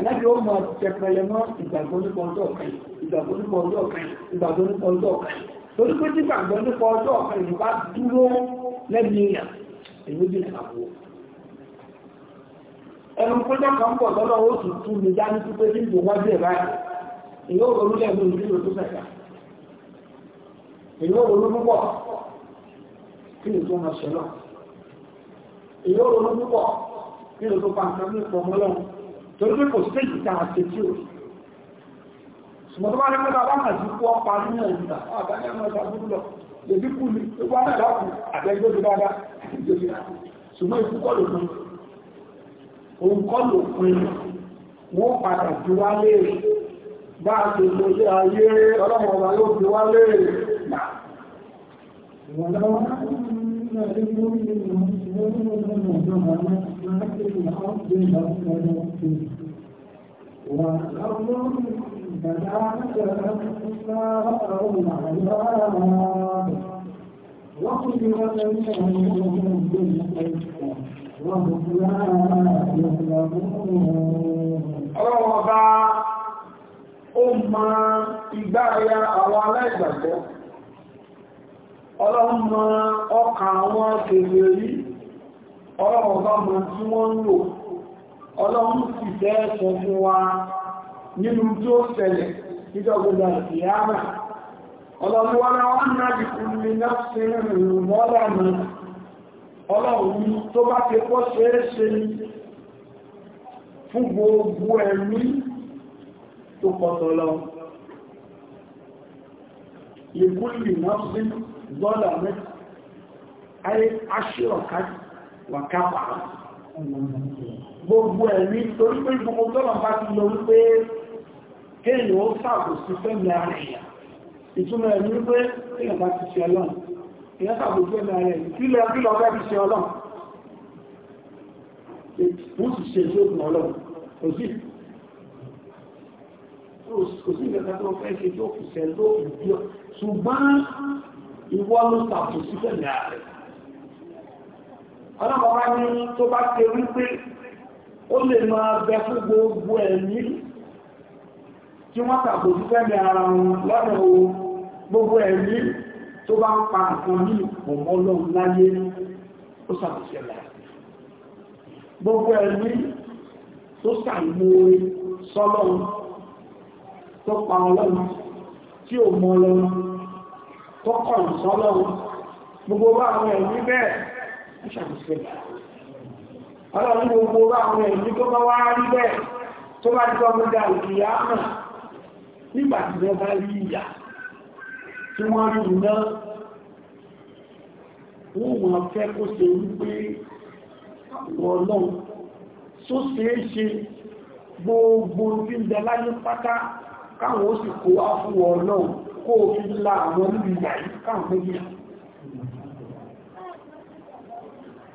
alájọ́ ó máa mọ́ ìgbàgbọ́ nípa ọjọ́ ọ̀kan ìgbàgbọ́ nípa ọjọ́ ọ̀kan ìgbàgbọ́ nípa ọjọ́ ọ̀kan torí nípa ọjọ́ ọ̀kan ìlú bá dúró lẹ́bi ìgbàgbọ́ ẹnu péjọ kan bọ̀ lọ́dọ̀ ó tún tún mi dání sí torí pé kò sí ìta àti tí ó ṣùgbọ́n tó bá rẹ̀ mẹ́ta wọ́n àti kú ọpa ní ẹ̀yìnta àbájá mẹ́ta búrú lọ lèbí kú ní ikú aláàkú àbẹ́gbẹ́gbẹ́ dáadáa ṣùgbọ́n ikú kọ́ lòpin òun kọ́ lòpin wọ́n padà ju wálé bá a ṣe lọ sí ayé ọlọ́mọ ọba yóò fi wálé Ìwọ̀n lọ́wọ́ الأرض مبتدأته والأرض بدأت لما أروا العذاب وقدر بينهم بالقسط وهم لا يظلمون ọba ó mọ igbá ẹ̀yà àwọn aláìgbàgbọ́ ọlọ́mọ ọkàn àwọn ọlọ́run bá mọ tí wọ́n ń lò ọlọ́run sì fẹ́ ẹ̀sùn fún wa nínú tí ó ṣẹlẹ̀ nígbàgbọ́dà ìyáàmà ọlọ́run wọn náà wọ́n náà dìkú ní nọ́ọ̀sì rìnrìn mọ́lá mi mẹ́ta ayé aṣírọ̀kájì wà kápá gbogbo ẹ̀rí torí pé gbogbo tọ́lọ̀ bá ti lọ wípé kéèyàn ó sàbò sí fẹ́mi ara ẹ̀yà ìtumọ̀ ẹ̀rí wípé kéèyàn bá ti ṣe ọlọ́run èyàn sàbò sí fẹ́mi ara ẹ̀yà kílọ̀ kílọ̀ bá ti ṣe ọlọ́run wọ́n sì ṣe ìṣògùn ọlọ́run kò sí kò sí ìgbẹ̀ta tó fẹ́ ṣe tó kù sẹ́ lóòrùn díọ̀ ṣùgbọ́n ìwọ ló sàbò sí fẹ́mi ara ẹ̀yà ọlọ́pàá wá ní tó bá ṣe wípé ó lè máa bẹ fún gbogbo ẹ̀mí tí wọ́n tàbí fẹ́mi ara wọn lọ́nà o gbogbo ẹ̀mí tó bá ń pa nǹkan ní ọmọ ọlọ́run láyé ó sàbẹ̀sẹ̀lẹ̀ gbogbo ẹ̀mí tó sàìmòrè sọ́lọ́run tó pa ọlọ́run tí ò mọ ọlọ́run tó kọ̀ sọ́lọ́run gbogbo àwọn ẹ̀mí bẹ́ẹ̀ ìṣàmùsílẹ̀. ọlọ́run gbogbo àwọn ẹ̀mí tó bá wá rí bẹ́ẹ̀ tó bá ti kọ́mọ́ dá ìkìyà náà nígbà tí wọ́n bá rí ìyà tí wọ́n rí iná wọ́n wọ́n fẹ́ kó ṣe wípé wọ́n lọ́n tó ṣeé ṣe gbogbo tí láyé pátá káwọn ó sì kó wá fún wọn kó o fi la àwọn níbi ìyà yìí káwọn méjìlá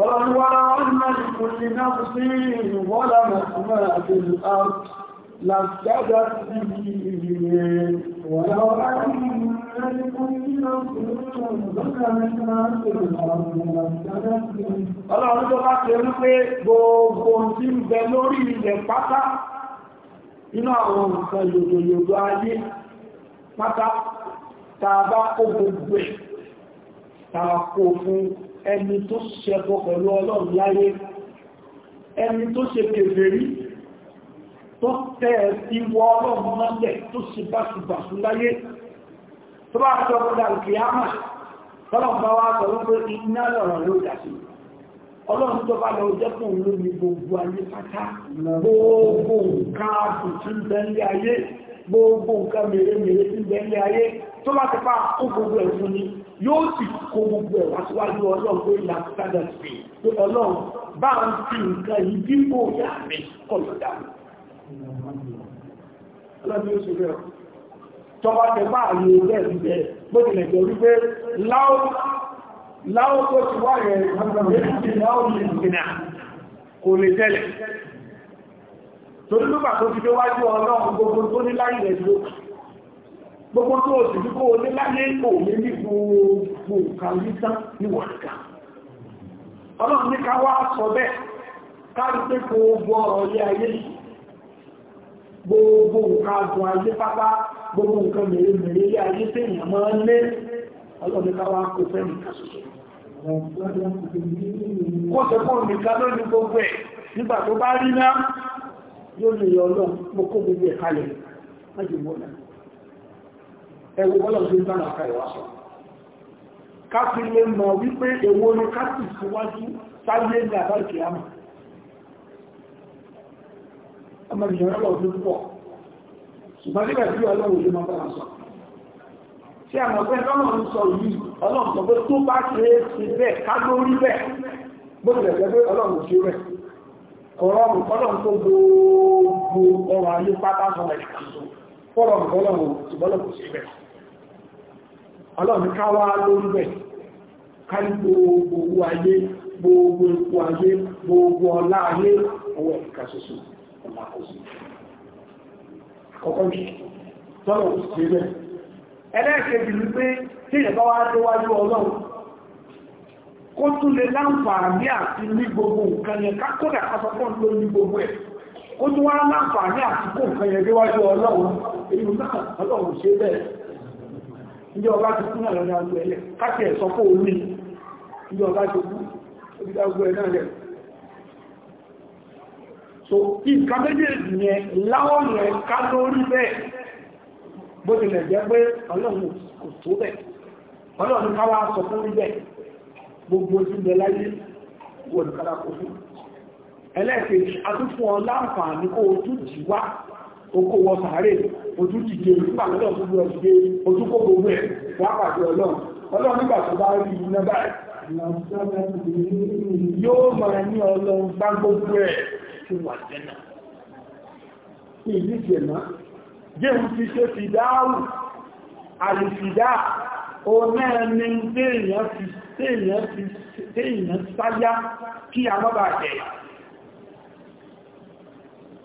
ọlọ́rọ̀wà ọ̀nà ìkùnlẹ̀ náà sí ìwọ́lá mẹ́sùmọ́ àti ìlú Làṣẹ́gbà ti ìrìnlẹ̀ wọ̀n lọ́wọ́ Ọlọ́run tó bá ṣe wípé gbogbo tí ń bẹ lórí ilẹ̀ pátá inú àwọn nǹkan yòdòyòdò ayé pátá tàbá kó gbogbo ẹ̀ tàbá kó fún ẹni tó ṣẹbọ pẹ̀lú ọlọ́run láyé ẹni tó ṣe kèfèrí tó tẹ́ ìwọ ọlọ́run mọ́lẹ̀ tó ṣe báṣubàṣu láyé tó bá sọ fún dàrùkìyàmà tọ́lọ̀n bá wá sọ wípé iná lọ̀rọ̀ ló dà sí ọlọ́run tó bá lọ jẹ́ fún òun lómi gbogbo ayé pátá gbogbo nǹkan ààbò tí ń bẹ ní yóò sì kó gbogbo ẹ̀wà síwájú ọlọ́run tó ìlà sádà sí pé ọlọ́run bá ń fi nǹkan yìí dípò ìyá mi kọlù dáa ọlọ́run yóò ṣe bẹ́ẹ̀ tọba tẹ bá àyè bẹ́ẹ̀ bí bẹ́ẹ̀ bó tilẹ̀ jẹ́ wípé láwọ́ tó ti wá yẹ kò lè tẹ́lẹ̀ torí ló bà tó fi dé wájú ọlọ́run gbogbo tó ní láyé rẹ̀ lókè gbogbo tó o sì dúkọ́ oní láyé òní ní gbogbo nǹkan yíká ní wọ̀nìká ọlọ́run ní ká wá sọ bẹ́ẹ̀ káàrí pé kò gbọ́ ọ̀rọ̀ ilé ayé gbogbo nǹkan àgùn ayé pápá gbogbo nǹkan mèrè mèrè ilé ayé tí èèyàn máa ń lé ọlọ́run ká wá kó fẹ́ nìkan ṣoṣo kó ṣe fún nìkan lónìí gbogbo ẹ̀ nígbà yóò lè yọ ọlọ́run mo kó gbogbo ẹ̀ kalẹ̀ má náà ẹwọ bọ́lọ̀ tó ń bá nàkà ìwáṣọ káfí lè mọ̀ wípé èwo ni káfí síwájú sáyé ní àbáríkì àmà ọmọ ìjọba lọ tó pọ̀ ṣùgbọ́n nígbà tí ọlọ́run ló máa bá wọn sọ tí àmọ̀ pé lọ́rùn sọ yìí ọlọ́run sọ pé tó bá ṣe é ṣe bẹ́ẹ̀ ká lórí bẹ́ẹ̀ bó tilẹ̀ jẹ́ pé ọlọ́run ṣe rẹ̀ kọ̀rọ̀mù kọ́lọ̀mù tó gbogbo ọrọ̀ ayé pátá sọ rẹ̀ kọ̀rọ̀mù kọ́lọ̀mù ṣùgbọ́n lọ́kùn sí bẹ́ẹ̀ ọlọ́run ká wá lórí bẹ̀ kárí gbogbo owó ayé gbogbo epo ayé gbogbo ọlá ayé ọwọ́ ìka ṣoṣo ọ̀la ọ̀sùn àkọ́kọ́ mi tọ́lọ̀ sí bẹ́ẹ̀ ẹlẹ́ẹ̀kejì ni pé tí ìyẹ̀bá wá déwájú ọlọ́run kó tún lè láǹfààní àti ní gbogbo nǹkan yẹn kákódà kásọpọ̀ ló ní gbogbo ẹ̀ kó tún wá láǹfààní àti kó nǹkan yẹn déwájú ọlọ́run èyí náà ọlọ́run ṣe bẹ́ẹ̀ ìjọ ọba ti kú náà lọ́nà agbó ẹlẹ̀ káàkiri ẹ̀sọ́ kó orí ìjọ ọba ti kú ìjọ agbó ẹ̀ náà rẹ̀ so ìka méjèèjì yẹn láwọn rẹ̀ ká lórí bẹ́ẹ̀ bó tilẹ̀ jẹ́ pé ọlọ́run kò tó bẹ̀ ọlọ́run ká wá sọ fún bẹ́ẹ̀ gbogbo tí bẹ láyé wọ̀lùkárà kò fún ẹlẹ́ẹ̀kejì a tún fún ọ o tún jì oko wọ sàárè ojú dìde nígbà lọ́dọ̀ tó lọ dìde ojú kó gbogbo ẹ̀ wá pàdé ọlọ́run ọlọ́run nígbà tó bá rí iná báyìí yóò máa ní ọlọ́run bá gbogbo ẹ̀ tí wà jẹ́nà ní ìlú ìjẹ̀má jẹ́hùn ti ṣe fìdáhù àlùfìdá onẹ́ẹ̀ni sáyá kí a mọ́bàá jẹ̀yà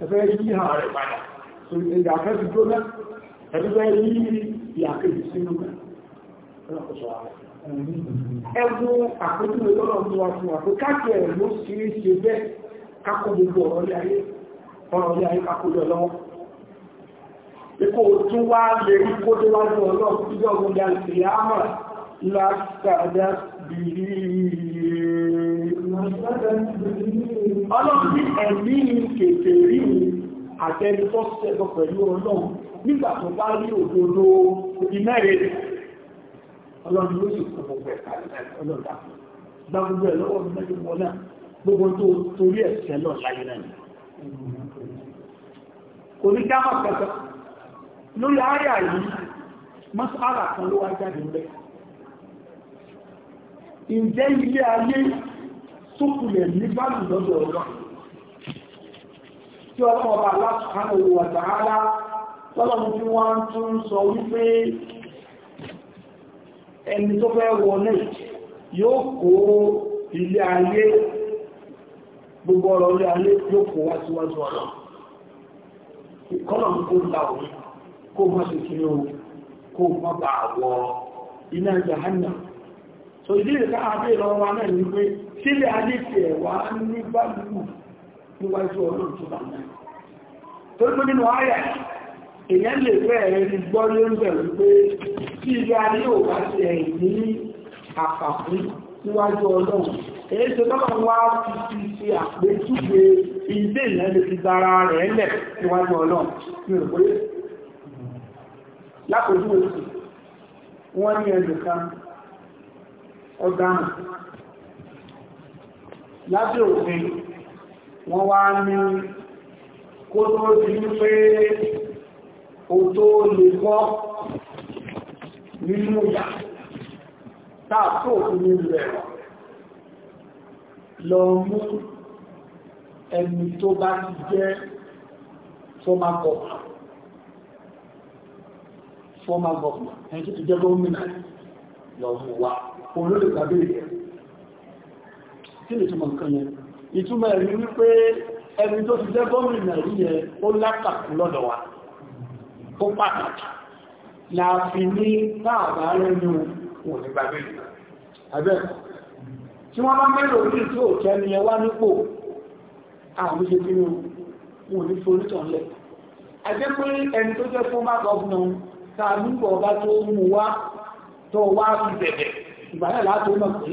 ẹfẹ́ yí hàn padà so ìdàfẹ́ ti tó náà ẹgbẹ́ yí ìyàkejì sínú ẹgbùn àpótúwé lọ́nà mú wa fún wa pé káàkiri ẹ̀ ló sì ń ṣe bẹ́ẹ̀ kákó gbogbo ọ̀rọ̀ ilé ayé ọ̀rọ̀ ilé ayé kákó lọ lọ́wọ́ ikú tún wá lè rí kó déwájú ọlọ́run tí ọmọ ìdá ìsìlẹ̀ àmà látàdá bìí ọlọ́run ní ẹ̀mí kèfè rí àtẹni tó ṣẹ́gbọ́ pẹ̀lú ọlọ́run nígbà tó bá rí òdodo ìmẹ́rẹ̀ ọlọ́run ló sì kọ́ gbogbo ẹ̀ka ọlọ́dà gbá gbogbo ẹ̀ lọ́wọ́ mẹ́jọ wọn náà gbogbo tó torí ẹ̀sẹ̀ lọ láyé náà kò ní dáhà kankan lórí àyà ilé ayé tó kulẹ̀ ní báyìí lọ́dọ̀ ọ̀dọ́ tí ọlọ́wọ́ bá aláṣùkánà owó àtàhálà tọ́lọ́mù tí wọ́n tún sọ wípé ẹni tó fẹ́ wọlé yóò kó ilé ayé gbogbo ọ̀rọ̀ ilé ayé yóò kó wá síwájú ọ̀rọ̀ ìkọ́lọ̀mù kó la òun kó má ṣe kí o kó má bà wọ iná jahannam so ìdí ìrẹ̀ká àbẹ́ ìlọ́wọ́ náà ní pé sílẹ̀ alẹ́fẹ̀ wà ní báyìí níwájú ọlọ́run tó bá náà tó gbé nínú ayà èyàn lè fẹ́ ẹni gbọ́ ló ń bẹ̀rù pé tí ilé ayé ò bá ti ẹ̀yìn ní àpapọ̀ níwájú ọlọ́run èyí tó tọ́lá wá ti fi ṣe àpéjúwe ilé ìyẹn lè fi dára rẹ̀ lẹ̀ níwájú ọlọ́run ní òpé lápòjú òsì wọ́n ní ẹnìkan ọ̀daràn lábẹ́ òfin wọ́n wá ní kó tó di wípé o tó lè kọ́ nínú ìyá tààtò òfin rẹ̀ lọ mú ẹni tó bá ti jẹ́ former governor former governor ẹni tó ti jẹ́ gómìnà lọ mú wa olóògbàbí ìyẹn kí ni ìtumọ̀ nǹkan yẹn ìtumọ̀ ẹ̀rí wípé ẹni tó ti jẹ́ gómìnà rí yẹn ó lákàkù lọ́dọ̀ wa ó pàtàkì láàfin ní káàbà rẹ̀nu òní gbàgbé abẹ́ tí wọ́n bá mẹ́rin orí tí ó jẹ́ ni ẹwà nípò àwọn ṣe kí ni wọn ní forí tàn lẹ̀ ẹgbẹ́ pé ẹni tó jẹ́ fún bá gọ́ọ̀nà ta nígbà ọba tó mú wá tó wá fi bẹ̀bẹ̀ ìgbà náà látó mọ̀ pé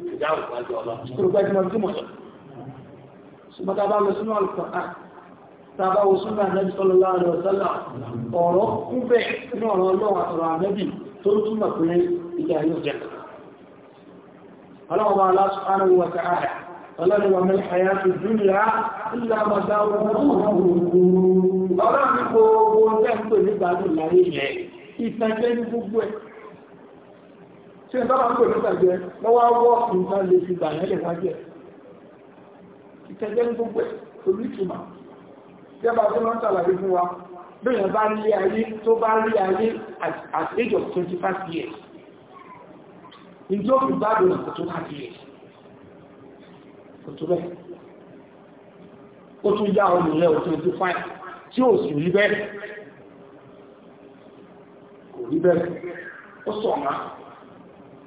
já òkú àjọ ọlọ́run kúrò pẹ́ tí wọ́n tí mọ̀ lọ. ṣùgbọ́n tá a bá lọ sínú àlùkò à tá a bá wo súnmọ́ ànábì sọ́lọ́ láàrin ọ̀sẹ́là ọ̀rọ̀ kúbẹ̀ nínú ọ̀rọ̀ ọlọ́run àtọ̀rọ̀ ànábì tó túmọ̀ pé ìjà yóò jẹ́ ọlọ́run bá aláṣọ àrùn wọ̀ ọlọ́run wà mẹ́lẹ̀ àyà tó dúnlá ńlá mọ̀dá ọlọ́run gbogbo ọjọ́ ìpè nígbàdùn láyé yẹn ìtàjẹ́ ní gbogbo ẹ̀ ṣé n dábàá ń pè nígbà jẹ lọ́wọ́ wọ́ nǹkan lè fi gbà yẹn lè ìtẹ́jẹ́ ní gbogbo ẹ̀ torí ìtumà ṣàlàyé fún wa bí yẹn bá rí ayé tó bá rí ayé at age of five years ìjọ fi gbádùn ọ̀pọ̀ tó láti otu kò tó bẹ́ẹ̀ ó tún yá ọmọ rẹ̀ ọ̀tún 25 tí sì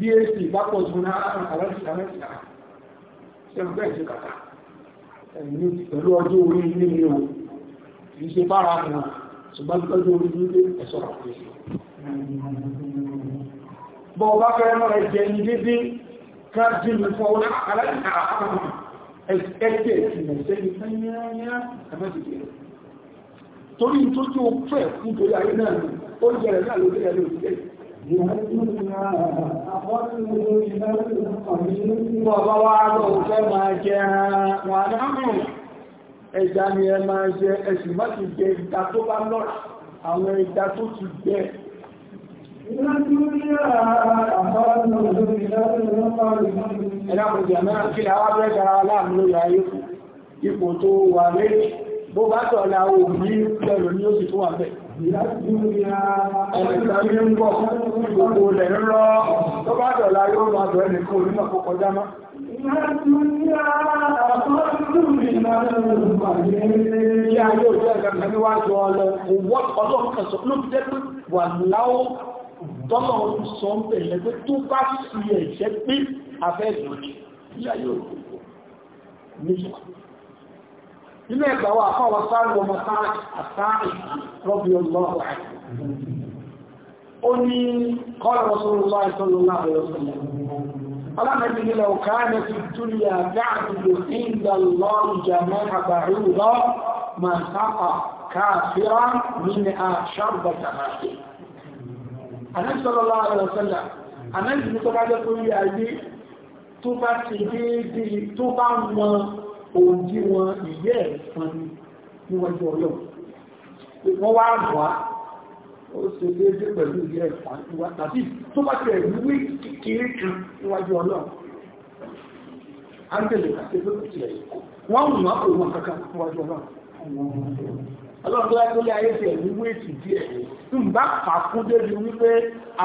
bsc bápọ̀ ìgbóná àlọ́sìkàmẹ́sìkà ṣẹ́gbẹ́ ìṣẹ́kàtà ẹ̀mí pẹ̀lú ọjọ́ orí ilé mi o kìí ṣe bára mọ̀ ṣùgbọ́n tọ́jọ́ orí ilé ẹ̀ṣọ́ bọ́ ọba fẹ́ mọ́ ẹ̀jẹ̀ ní dédé káàdínlù fọwọ́ aláìsàkà torí tó tí ó fẹ́ nítorí ayé náà ó jẹ́rẹ̀ náà lórí Bọ̀bá wá lọ fẹ́ máa jẹ wọn náà ẹja ni ẹ máa jẹ ẹ̀sùn má ti jẹ ìta tó bá lọ́rà àwọn ìta tó ti jẹ. Ẹ̀dá kò jẹ̀ mẹ́ra kí la wá bẹ́ dára láàmú lórí ayé ipò tó wà lé bó bá tọ̀lá òun ní pẹ̀lú ní ó sì tún wà bẹ́ẹ̀. Ẹnìkan ní ń bọ̀, gbogbo lẹ̀ ń rọ́, tó bá dọ̀la yóò máa bẹ̀rẹ̀ nìkan onímọ̀ kó kọjá máa. Kí a yóò jẹ́ ìgbàgbà níwájú ọlọ, owó ọlọ́ kẹsọ̀ ló jẹ́ pé wà láó tọ́lọ̀ sọ ń bẹ̀rẹ̀ pé tó bá sí ẹ̀ṣẹ́ pé afẹ́ ìrìnàjò. Kí a yóò jẹ́ nínú ẹgbà wa àfáwà sáàrù ọmọ sáàrì rọ́bì ọlọ́wọ́ ó ní kọ́lọ̀ rọ́sọ́lọ́lọ́ ìtọ́lọ́lọ́ àbẹ̀rẹ̀sọ́lọ́ alámẹ́bí nílẹ̀ òkàánẹ́ ti túnlẹ̀ àgbáàdìgbò ìdàlọ́ ìjàmọ́ àbàrúrọ́ ma sápa káàfíra nínú ohun tí wọ́n ìyẹ́ ẹ̀sán ni níwájú ọlọ́run wọ́n wá wá ó ṣe déédé pẹ̀lú ìyẹ́ ẹ̀sán tàbí tó bá tẹ̀ wí kékeré kan níwájú ọlọ́run ángẹ́lì àti ẹgbẹ́ ọlọ́run tó lágbó lé ayé ti ẹ̀mí wéètì díẹ̀ di bá fà fún débi wípé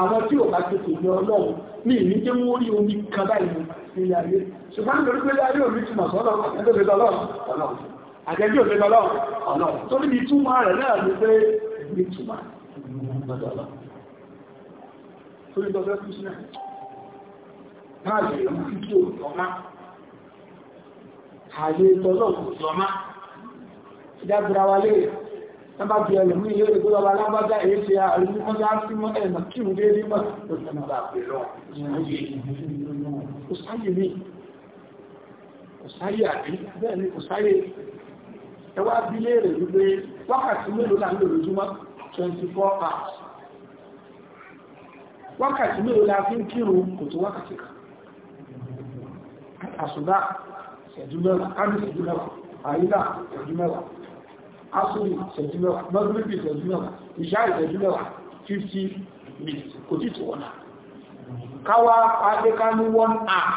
àwọn tí ò bá ti tò ní ọlọ́run ní ìní jẹ́ wọ́n rí omi kan báyìí ní ilé ayé ṣùgbọ́n nítorí pé ayé omi ti mọ̀ sọ́dọ̀ àtẹ́gbẹ̀dọ̀ ọlọ́run àtẹ́gbẹ̀ òfin ọlọ́run ọlọ́run tó níbi túmọ̀ rẹ̀ náà ni pé ní túmọ̀ lọ́dọ̀ ọlọ́run tó ní lọ́dọ̀ ẹbá bí ẹlòmí ilé ìgbó lọ́wọ́ alágbájá èyí ṣe àríwí wọ́n já sí mọ́ ẹ̀nà kí mú déédé mọ́ òṣèlú àpẹẹrọ òṣàyè mi òṣàyè àbí bẹ́ẹ̀ ni òṣàyè ẹwà bí léèrè wípé wákàtí mélòó la ń lò lójúmọ́ 24 hours wákàtí mélòó la fi ń kírun kò tó wákàtí kan àṣùgbà ṣẹ̀dúmẹ́wàá àmì ṣẹ̀dúmẹ́wàá àyíká ṣẹ̀dúmẹ́wàá asúrì ìṣẹ́jú mẹ́wàá mọ́gbẹ́bí ìṣẹ́jú mẹ́wàá ìṣá ìṣẹ́jú mẹ́wàá 50 minutes kò tí tó wọ́n náà káwà pàdéká ní 1 hour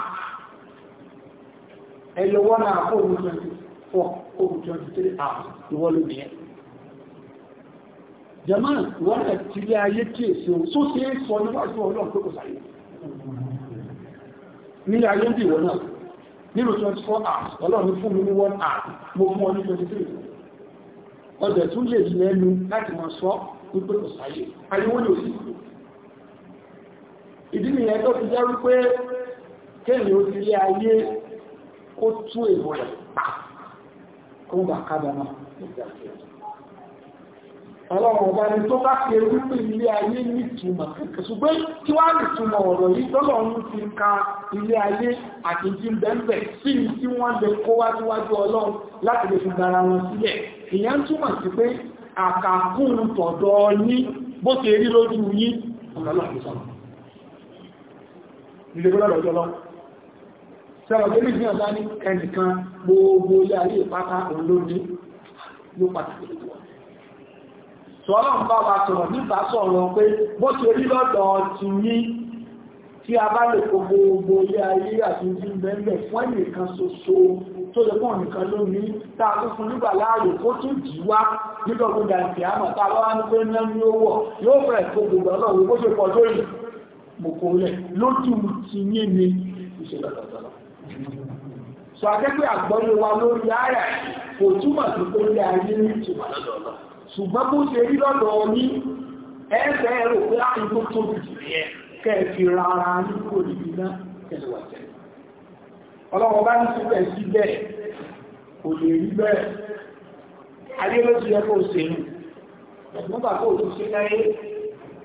ẹyọ 1 hour kó òun 23 hours ìwọ́lú nìyẹn jẹ́mọ́ wọ́n rẹ̀ ti rí ayé kí èsì ohun só ṣe é sọ níwájú ọlọ́run tó kò sáyé ní ayé ń bí ìwọ̀n náà nínú 24 hours ọlọ́run fún mi ní 1 hour mo fún ọ ní ọdẹ̀ tún lè lẹ́nu láti máa sọ wípé kò sáyé ariwo lè sí ìdí nìyẹn tó ti jẹ́ wípé kéèyàn ó ti rí ayé kó tún èrò rẹ̀ pa kó bà kábàámà ìgbà kẹrin ọlọ́run ọba ni tó bá fi ewúrú ilé ayé ní ìtumọ̀ kẹ̀kẹ́ ṣùgbọ́n kí wá lè túmọ̀ ọ̀rọ̀ yìí lọ́lọ́run ti ka ilé ayé àti ti ń bẹ́ẹ̀ sí ní tí wọ́n lè kó wá síwájú ọlọ́run láti lè fi gbara wọn sílẹ̀ ìyẹn túmọ̀ sí pé àkàkùn tọ̀dọ̀ ní bó ṣe rí lójú yín ọlọ́run sọ̀rọ̀ ilé gbọ́dọ̀ lọ́jọ́ lọ́wọ́ sọ̀rọ̀ tó ní ìgbìyànjá ní ẹnìkan gbogbo ilé ayé ìpátá òun ló ní ló pàtàkì lọ́wọ́ tọ́lọ́n bá wa sọ̀rọ̀ nípa sọ̀rọ̀ pé bó ṣe rí lọ́dọ̀ ti ní tí a bá lè kó gbogbo ilé ayé àti ojú mẹ́lẹ̀ fún ẹnìkan ṣoṣo tó lè fún ọ̀nìkan lónìí tá a tún fún nígbà láàyò kó tún jì wá nígbà gbogbo àti àmọ́ tá a bá wá ní pé ná ní ayé ní ìtumọ̀ lọ́dọ̀ọ́lọ́ ṣùgbọ́n bó ṣe rí lọ́dọ̀ ní ẹ̀ẹ́fẹ́ ẹ̀rọ pé àyín tó tóbi jù yẹn kẹ́ẹ̀fì rárá ní kò ní iná tẹ̀lẹ̀wà tẹ̀lẹ̀ ọlọ́wọ́ bá ń síbẹ̀ síbẹ̀ kò lè rí bẹ́ẹ̀ ayé ló ti yẹ kó ṣe nù ẹ̀gbọ́n bàbá òtún ṣe láyé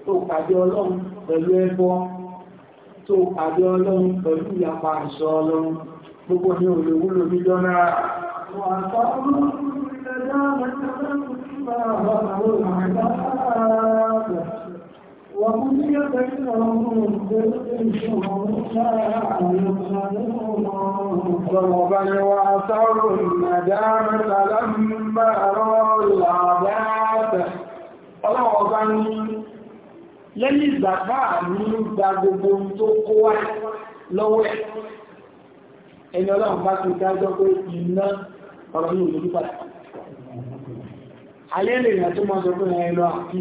tó pàdé ọlọ́run pẹ̀lú ẹbọ tó pàdé ọlọ́run pẹ̀lú ìyapa àṣọ ọlọ́run gbogbo ní òlè wúlò níjọ́ náà وقضي بينهم بالإنسان وأسروا الندامة لما رأوا العذاب ọlọ́wọ́ bá ní lẹ́yìn ìgbà náà ní gba gbogbo tó kó wá lọ́wọ́ ẹ̀ ẹni ọlọ́run bá ti dájọ́ pé iná ọ̀rọ̀ ní òlòdúpadà ayé lè yàn máa sọ pé ẹ lọ àfi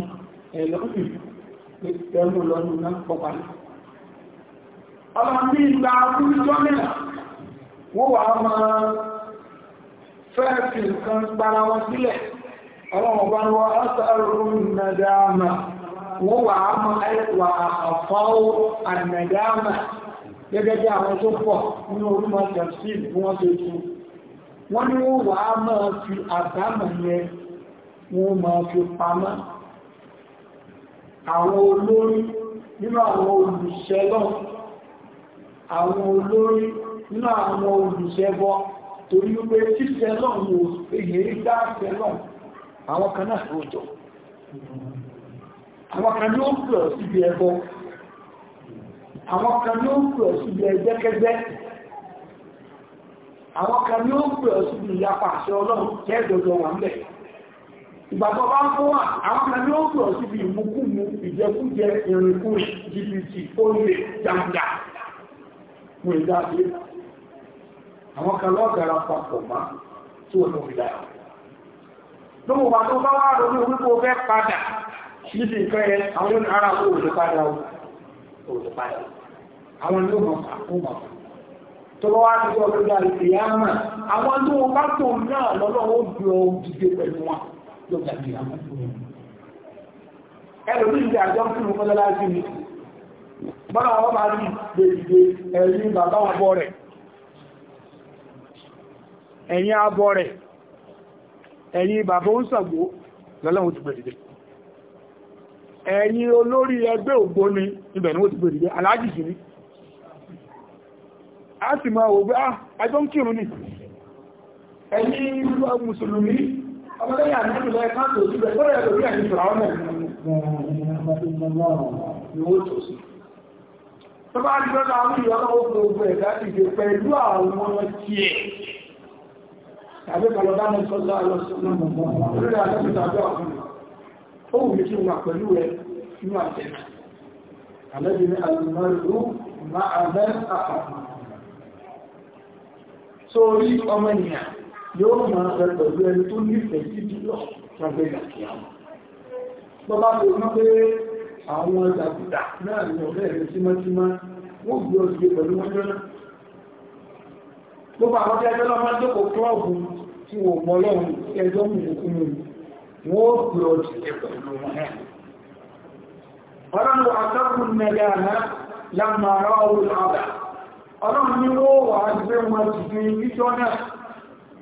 ẹ náà pọ̀pá ọmọ mi gba kúrújọ́ mẹ́rin wọ́n wà máa fẹ́ẹ̀sì nǹkan gbára wọn sílẹ̀ ọlọ́wọ̀n wọ́n wọ́n wà máa fi àdámà wọ́n máa fi pamọ́ àwọn olori nínú àwọn olùṣẹ́ náà àwọn olori nínú àwọn olùṣẹ́ bọ́ torí wípé ṣíṣẹ́ náà ní èyí dá ṣẹ́ náà àwọn kan náà jọ àwọn kan ní ó pè síbi ẹbọ àwọn kan ní ó pè síbi ẹgbẹ́kẹ́gbẹ́ àwọn kan ní ó síbi ọlọ́run jẹ́ ìgbàgbọ́ bá ń kó wà àwọn kan ní ó sọ̀rọ̀ síbi ìmúkúmu ìjẹkújẹ ìrìnkú jìbìtì olè jàǹdà fún ìdá sí àwọn kan lọ́gàra papọ̀ má tí ó lórí dáa lóòwò bá tó bá wà lórí orúkọ fẹ́ padà níbi nǹkan yẹn àwọn yóò ara kó òde padà òde padà àwọn yóò mọ̀ àkómọ̀ tó bá ọdún dáa náà lọ́lọ́wọ́ gbọ́ òdìdé pẹ̀lú wọn yóò gbàgbé àwọn ẹ̀rọ ní ìdí àjọ fún ìfọ́lá láti ní bọ́lá wọn máa rí gbèdìgbè ẹ̀yìn bàbá ọbọ rẹ̀ ẹ̀yìn abọ́ rẹ̀ ẹ̀yìn bàbá ń sàgbó lọ́lọ́wọ́ ti gbèdìgbè ẹ̀yìn olórí ẹgbẹ́ ògbóni ibẹ̀ ni wọ́n ti gbèdìgbè aláàjì sí ní a sì máa wò gbé àjọ ah, ń kírun ní ẹ̀yìn mùsùlùmí ọmọlẹ́yìn àmì lọ ẹ̀ká tó síbẹ̀ tó rẹ̀ lórí àmì ìfìrà ọmọ ìwò tó sí tó bá ní lọ́nà àwọn ìyọ́nà ogun ogun ẹ̀dá ti dé pẹ̀lú àwọn ọmọ tí ẹ̀ tàbí kọlọ̀dá mọ́ sọ́lá lọ́sọ́lá Sórí ọmọ ènìyàn yóò máa rẹ pẹ̀lú ẹni tó nífẹ̀ẹ́ sí jùlọ ṣàgbéga kí á mọ̀. Bọ́bá tó ná pé àwọn ìdàgbùdà náà ní ọ̀rẹ́ rẹ̀ símọ́símọ́ wọ́n gbé ọ̀sẹ̀ pẹ̀lú wọn jọ́nà. Gbogbo àwọn tí ẹjọ́ lọ́mọ jókòó klọ́ọ̀bù tí wọ́n mọ lọ́run ẹjọ́ mú òkú mi, wọ́n gbé ọ̀sẹ̀ pẹ̀lú wọn náà. àná lámàrá ọrùn àbà. Ọlọ́run ni wọ́n wà á gbé wọn ti fi níjọ́ náà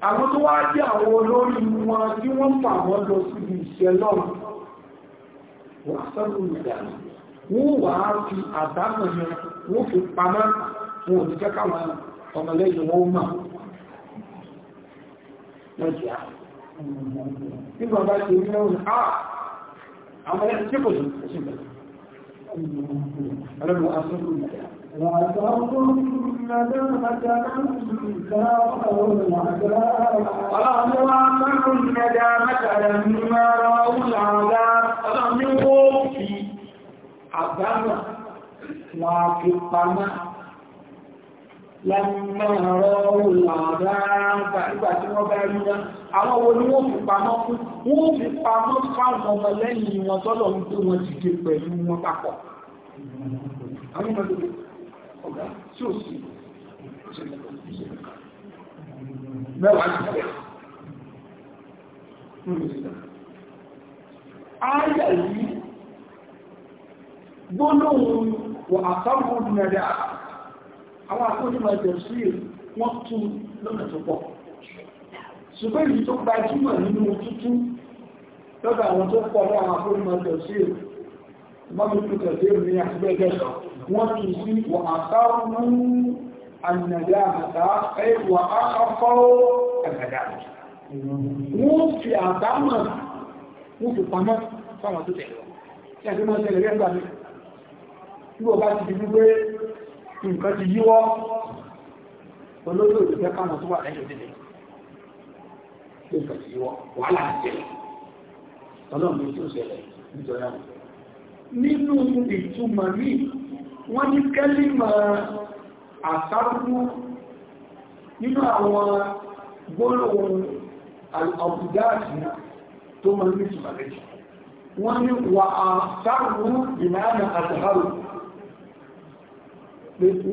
àwọn tó wá jẹ́ àwọn olórí wọn tí wọ́n fà wọ́n lọ síbi ìṣẹ́ lọ́rùn wà sọ́rọ̀ ìdàrí wọ́n wà á fi àdámọ̀ yẹn wọ́n fi pamọ́ wọn ò ní jẹ́ káwọn ọmọlẹ́yìn wọn mọ̀ lọ́jà nígbà bá ti rí lọ́rùn ah tí kò sí ìpẹ̀lẹ̀ Ọlọ́run wá mẹ́rùn mẹ́dá mẹ́tàrà ní mẹ́rọ ọ̀húnlá ọ̀gá ọlọ́run ní wó fi àbámà wọn fi pamá lẹ́mọ̀rọ̀ ọ̀gá nígbà tí wọ́n bá rí wá. Àwọn wo ni wọ́n fi pamọ́ fún? Wọ́n fi pamọ́ fáwọn ọmọ lẹ́yìn wọn tọ́lọ̀ ń gbé wọn dìde pẹ̀lú wọn papọ̀. Àwọn ọmọdé ọ̀gá tí ò sí mẹ́wàá ti bẹ̀. Ayà yìí gbólóhùn wà àtàwọn olùmẹ̀rẹ̀ àwọn akónímọ̀ ẹ̀jẹ̀ sí wọ́n tún lọ́nà tó pọ̀. Ṣùgbọ́n tó gba ìtumọ̀ nínú tútú lọ́dọ̀ àwọn tó pọ̀ lọ́wọ́ akónímọ̀ ẹ̀jẹ̀ sí ìmọ́mí pẹ̀lú ẹ̀jẹ̀ ní wọ́n tún sí wà àtàrù ànàdà àmàdà ẹ̀wà àkọ́kọ́ ànàdà wọ́n fi àdámà wọ́n fi pamọ́ fáwọn tó tẹ̀lé tí a ti máa tẹ̀lé rẹ̀ gbàmí tí wọ́n bá ti di wípé nǹkan ti yíwọ́ olóòtú ìfẹ́ nínú ìtumọ̀ míì wọ́n ní kẹ́lìmọ̀ àsáàrùn nínú àwọn gbólóhùn àbùdáàtì tó mọ̀ ní ìtùmọ̀lẹ́jì wọ́n ní wà àsáàrùn ìmáàmà àtàrù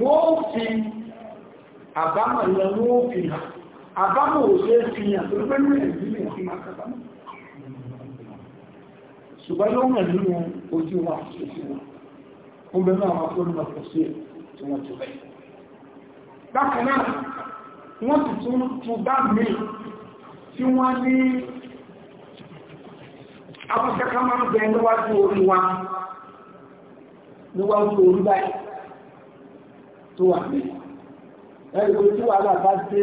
wọ́n fi àbámọ̀ lọ ní ó fi hàn àbámọ̀ ò ṣe fi hàn tó pẹ́ ní ẹ̀dínlẹ̀ sí máa kàbámọ̀ ṣùgbọ́n ló mọ̀ nínú ojú wọn àti ojú wọn ó bẹ̀rẹ̀ àwọn afọ́lùmọ̀ pẹ̀sí tí wọ́n ti bẹ̀rẹ̀ bákan náà wọ́n ti tún tún bá mi tí wọ́n ní afọ́sẹ́ká máa ń bẹ níwájú orí wa níwájú orí báyìí tó wà ní ẹgbẹ́ tí wà lábá dé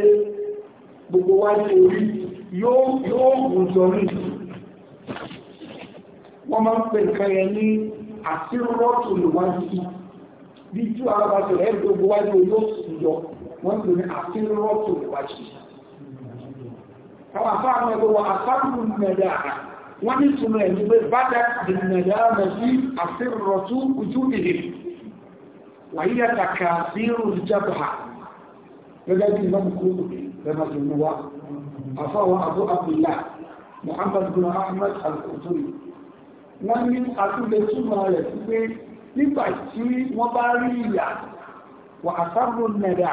gbogbo wájú orí yóò yóò gùn jọ ní wọ́n máa ń pè nǹkan ní àti rọ́tò lòwájú sí bí tí wàá bá sọ ẹ̀ gbogbo wájú yóò sì yọ wọ́n ń pè ní àti rọ́tò lòwájú sí. àwọn afáàmọ́ ẹgbẹ́ wọn àfáàmù mẹ́rẹ̀ gẹ́gẹ́ bí ìmọ̀ kúrò lẹ́nà tó àfáwọn àbú abdullahi muhammad bin ahmed al-kuturi wọ́n ní àtúlẹ̀ túnmọ̀ rẹ̀ sí pé nígbà tí wọ́n bá rí ìyà wà àtàrò nẹ̀dà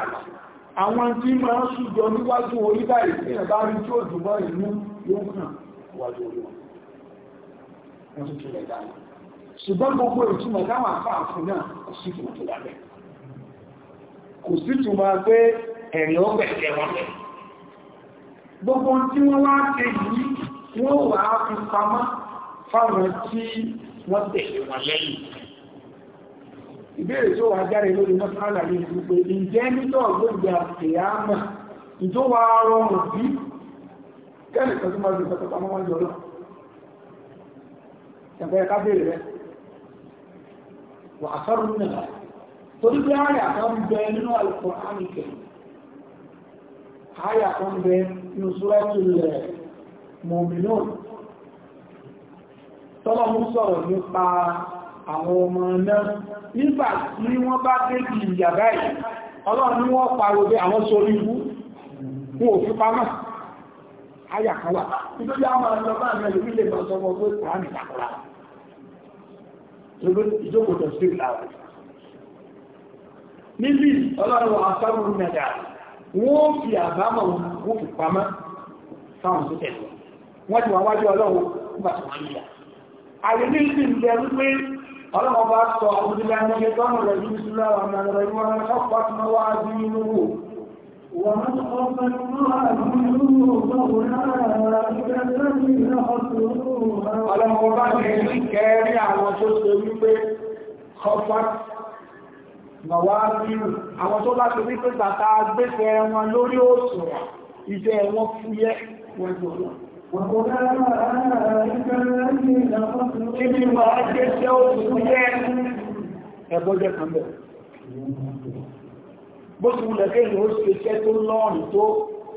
àwọn tí máa ń ṣùjọ níwájú orí báyìí tí ẹ̀bá rí tí ó dùbọ́ ìlú yóò hàn wájú orí wọn wọ́n tún kílẹ̀ dáná ṣùgbọ́n gbogbo ìtumọ̀ táwọn àfáà fún náà kò sí ìtumọ̀ tó dábẹ́ kò sí ìtumọ̀ pé ẹ̀rìn ọgbẹ̀ fáwọn tí wọ́n tẹ̀lé wọn lẹ́yìn ìbéèrè tó wà járe lórí mọ́sánà ní ìgbé ìjẹ́ nítọ́ gbogbo àtìyàmà ìjọ wa rọrùn bí kẹ́lẹ̀kọ́ tó máa gbé pẹ̀tọ́ta mọ́ wọ́n jọ lọ ẹ̀bẹ̀rẹ̀ ká béèrè rẹ̀ wà àtọ́rù nílá tọ́lọ́ sọ̀rọ̀ nípa àwọn ọmọ náà nígbà tí wọ́n bá débi ìyàbá ì ọlọ́run wọ́n pariwo bí àwọn sórí ibú fún òfin náà lè níbi ọlọ́run wọn asárùn mẹ́ta wọ́n fi àbámọ̀ wọ́n fi pamọ́ fáwọn tó tẹ̀lé wọ́n ti wà wájú ọlọ́run nígbà tí àyèmí sì ń bẹ wípé ọlọ́wọ́ bá sọ òdìlẹ̀ ẹgbẹ́ tọ́nà rẹ̀ yìí sí lára ọ̀nà rẹ̀ wọ́n rẹ̀ ọ̀pọ̀ tí wọ́n wá sí inú wò wọ́n ọ̀pọ̀ tí wọ́n wá sí inú wò ọlọ́wọ́ bá ní ẹ̀rí kẹrí àwọn tó ṣe wípé ọ̀pọ̀ mọ̀wá rírù àwọn tó bá ṣe wípé bàtà agbẹ́fẹ́ wọn lórí òṣùwọ̀n iṣẹ́ wọn fúyẹ́ wọn jọ̀lọ́ Ibi máa jẹ́ ṣẹ́ òṣùn jẹ́ ẹgbọ́jẹ́ kan bẹ̀. Bó ti wùlẹ̀ kí ìlú ó ṣe ṣẹ́ tó lọ́rùn tó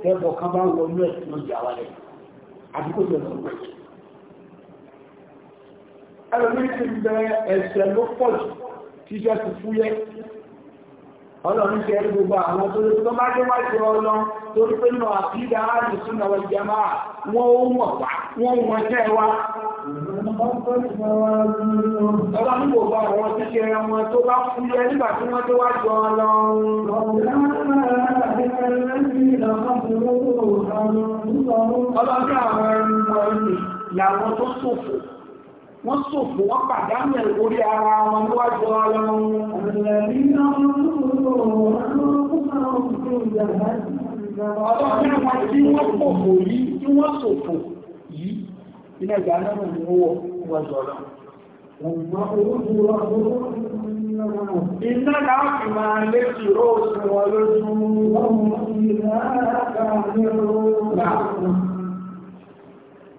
ẹgbọ̀ kan bá wọ ní ẹ̀sùn lọ́jà wà lẹ̀. Àdúgbò jẹ́ lọ pẹ̀. Ẹlòmí ti bẹ ẹ̀ṣẹ̀ ló pọ̀ jù tí ṣẹ́ ti fúyẹ́ ọlọ́run ṣe ẹ̀rí gbogbo àwọn tó lè tó bá jẹ́ wájú ọlọ́ torí pé nínú àfíìdá ààrùn ìsúná wọ ìjàmá wọn ó mọ̀ wá wọn ó wọn tẹ́ wá. ọlọ́run kò bá àwọn ṣíṣe wọn tó bá fúyẹ́ nígbà tí wọ́n tó wájú ọlọ́run. ọlọ́run tó ṣòfò wọ́n sòfò wọ́n pàdánù orí ara wọn níwájú ara wọn. ọlọ́run àwọn tí wọ́n pòfò yìí tí wọ́n sòfò yìí iná ìgbà náà ni ó wọ níwájú ọ̀la. Iná láti máa lé sí róòsù wọn lójú. Ọmọ ìlà àkàrẹ̀ róòsù.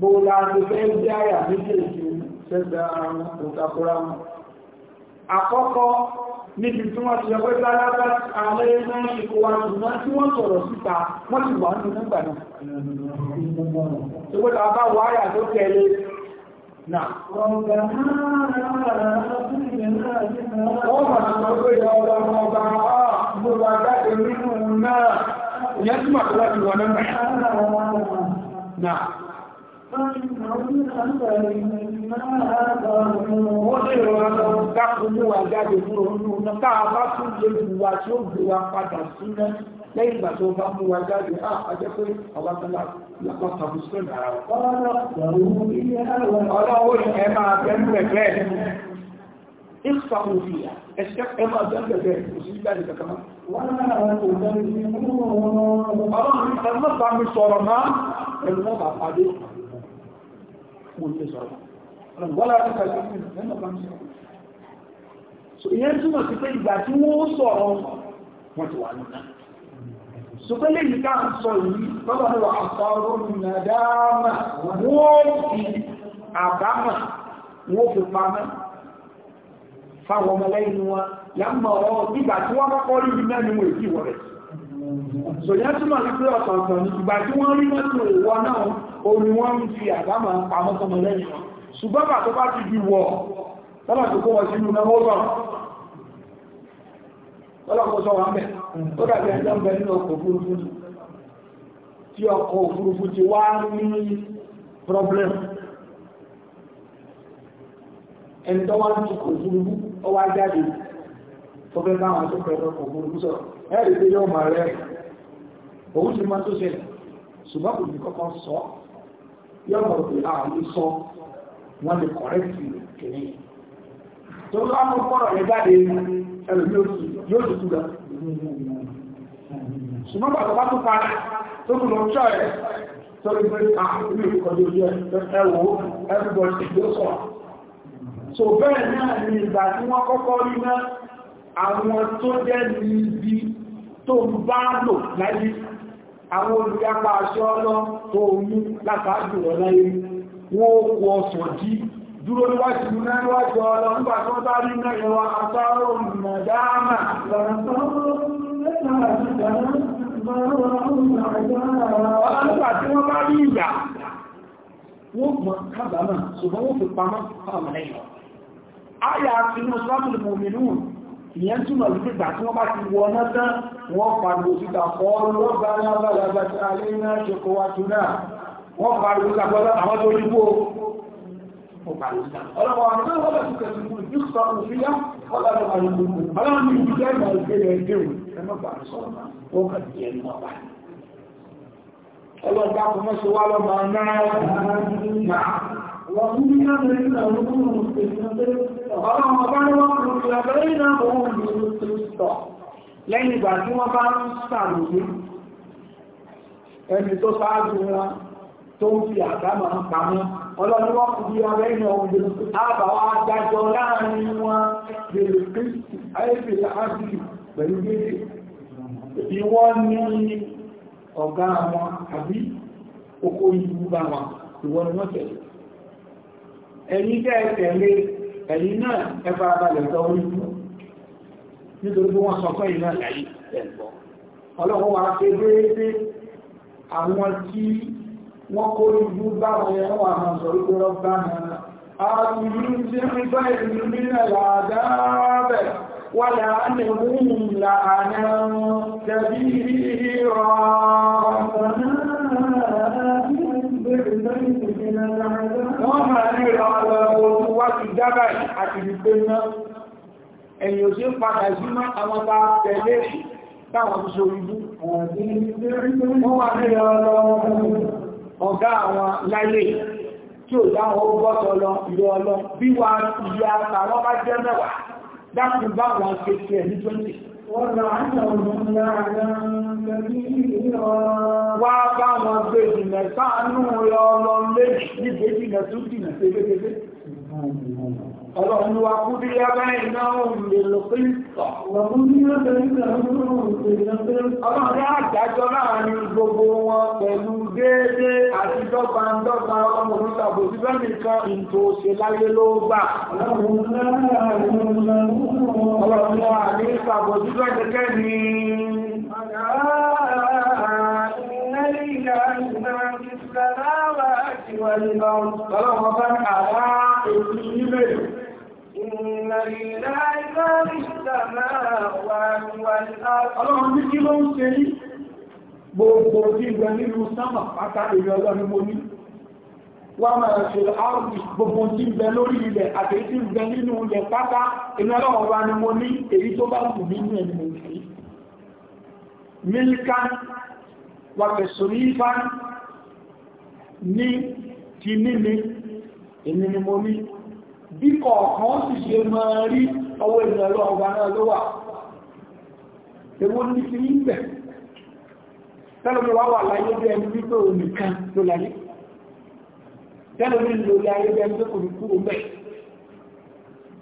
bóòlá ti fẹ́ jẹ́ àyà méjèèjì sẹ́gbẹ̀ ara wọn kò takora wọn àkọ́kọ́ níbi tí wọ́n ti yọpẹ́ sálábá alẹ́ náà ikú wa ṣùgbọ́n tí wọ́n sọ̀rọ̀ síta wọ́n ti wà nínú nígbà náà náà Wọ́n lè rọra lọ dákúnú wa jáde fún oòrùn ọ̀nà káà bá tún lè bù wa tí ó gbé wa padà síná lẹ́yìn ìgbà tó bá mú wa jáde á ajẹ́ pé àwọn akẹ́lá lápá tàbí sílẹ̀ ara rẹ̀. Ọlọ́wọ́ ni ẹ máa bẹ́ẹ̀ bẹ́ẹ̀ ìfà òfìyà ẹ̀ṣẹ́ ẹmà jẹ́gbẹ̀ẹ́ òṣìṣẹ́ ìgbàdì kankan wọ́n náà wọ́n kò mo lè sọ̀rọ̀ wọ́n lára nípa ìgbésí so ìyẹn túmọ̀ sí pé ìgbà tí wọ́n sọ̀rọ̀ wọ́n ti wà nínú so pé lè yíká ń sọ yìí lọ́dọ̀ ní wà àfọ́rọ́ nàdáàmà wọ́n fi àbámà wọ́n fi pamọ́ fáwọn ọmọlẹ́yìn wọn yàmọ̀ ọ́ so ìyẹn túmọ̀ sí pé ọ̀tọ̀ọ̀tọ̀ ní ìgbà tí wọ́n rí mọ́tò ìwọ náà ó ní wọ́n ń fi àdámà pamọ́ sọmọ lẹ́yìn wọn ṣùgbọ́n bà tó bá ti di wọ̀ lọ́nà tó kó wọn sínú náà wọ́n lọ́lọ́pọ̀ sọ wọn bẹ̀ tó dàbí ẹjọ́ ń bẹ nínú ọkọ̀ òfurufú tí ọkọ̀ òfurufú ti wá ní problem ẹni tó wá ní ọkọ̀ òfurufú ó wá jáde tó fẹ́ bá wọn tó fẹ́ ọkọ̀ òfurufú sọ̀rọ̀ ẹ̀rì pé yóò máa rẹ̀ òun máa tó ṣẹlẹ̀ ṣùgbọ́n kò ní kọ́kọ́ sọ yọ̀bọ̀ pé àmì sọ wọ́n lè kọ̀rẹ́tì kìíní tó bá mú kọ́rọ̀ yẹn jáde ẹ̀rọ yóò ti kú lọ ṣùgbọ́n bàtà bá tún parí tó kù lọ ṣọ́ ẹ̀ tó lè gbé àmì ìkọjú ẹ̀wọ̀ everybody ló sọ̀rọ̀ so bẹ́ẹ̀ náà ni ìgbà tí wọ́n kọ́kọ́ rí náà àwọn tó jẹ́ ní ibi tó ń bá lò láyé àwọn olùyapa aṣọ ọlọ tó mú látàájú ọ̀lá yìí wọ́n ó kọ jí dúró níwájú níwájú ọlọ nígbà tó bá rí náà àtàrò mọ̀dáàmà ọlọ́gbà tí wọ́n bá rí ìyà wọ́n gbọ́n kábàámà ṣùgbọ́n wọ́n fi pamọ́ ìyẹn túnmọ̀ wípé ìgbà tí wọ́n bá ti wọ ọ̀nà tán wọ́n pàdé òsìta fọ́ọ̀rọ̀ lọ́gbà alábàlábà tí a lè náà ṣe kó wá tún náà wọ́n pàdé òsìta fọ́ọ̀rọ̀ àwọn tó rígbó ọlọ́pàá Lẹ́yìn ìgbà tí wọ́n bá ń sàrùgbé, ẹni tó sáájú wọn tó ń fi àdámà ń pamọ́, ọlọ́run wọ́n kú bí ọrẹ́ ìnà òun àbàwọ́ adájọ́ láàrin wọn bèèrè kírísì àìbèrè ágbìrì pẹ̀lú gbèrè. Ìwọ́n ní ọ̀gá wọn àbí okó ìlú bá wọn, ìwọ́n ni wọ́n tẹ̀lé ẹ̀yìn jẹ́ ẹ̀tẹ̀lé ẹ̀yìn náà ẹfà abalẹ̀ tọ́ orí nítorí bí wọ́n sọ fẹ́ ìná láyé ẹ̀gbọ́ ọlọ́run wa ṣe déédé àwọn tí wọ́n kó ibú bá wọn yẹn wà máa Wọ́n máa ní ìrọ̀ àwọn ọmọ wá ti dábà àti ìgbé náà. Ẹ̀yìn ò sí padà sí máa àwọn bá tẹ̀lé táwọn tó sórí bú. Wọ́n wá ní ìrọ̀ ọ̀gá àwọn láyé tí ò dáwọn ó bọ́tọ̀ lọ ìrọ̀ ọlọ bí wa ìyá àtàwọn Wá bá wọn gbé jìnà sáánú rẹ ọlọ méjì ní gbé jìnà tó jìnà tẹ́lẹ́tẹ́lẹ́. Ọlọ́run wa kú bí yá báyìí náà ń lè lọ pé ìsọ̀. Ọlọ́run ní ọjọ́ ìgbà ọlọ́run àjájọ́ láàrin gbogbo wọn pẹ̀lú déédé àti dọ́gba dọ́gba ọmọdún tàbí òṣìṣẹ́ nìkan ìtò òṣè láyé ló gbà. Ọlọ́run wa ní ìpàgọ́ òṣìṣẹ́ nìkan ní. جعلنا في السماوات والأرض رغبا gbogbo tí ìgbà nínú sámà pátá èrè ọlọ́ni mo ní wà máa ṣe àrùn gbogbo tí ń lórí ilẹ̀ àti tí ń nínú ilẹ̀ pátá èrè ọlọ́run mo ní èyí tó bá wù nínú ẹni mo ní mílíkà wàtẹ̀ sórí ifá ní ti mímí èmi ni mo ní bí kọ̀ọ̀kan sì ṣe máa rí ọwọ́ ìrìnlọ́ ọgbà náà ló wà ewó ní ti ń bẹ̀ tẹ́lómi wá wà láyé bí ẹni wípé onìkan ló láyé tẹ́lómi lò láyé bí ẹni tó kò ní kúrò mẹ́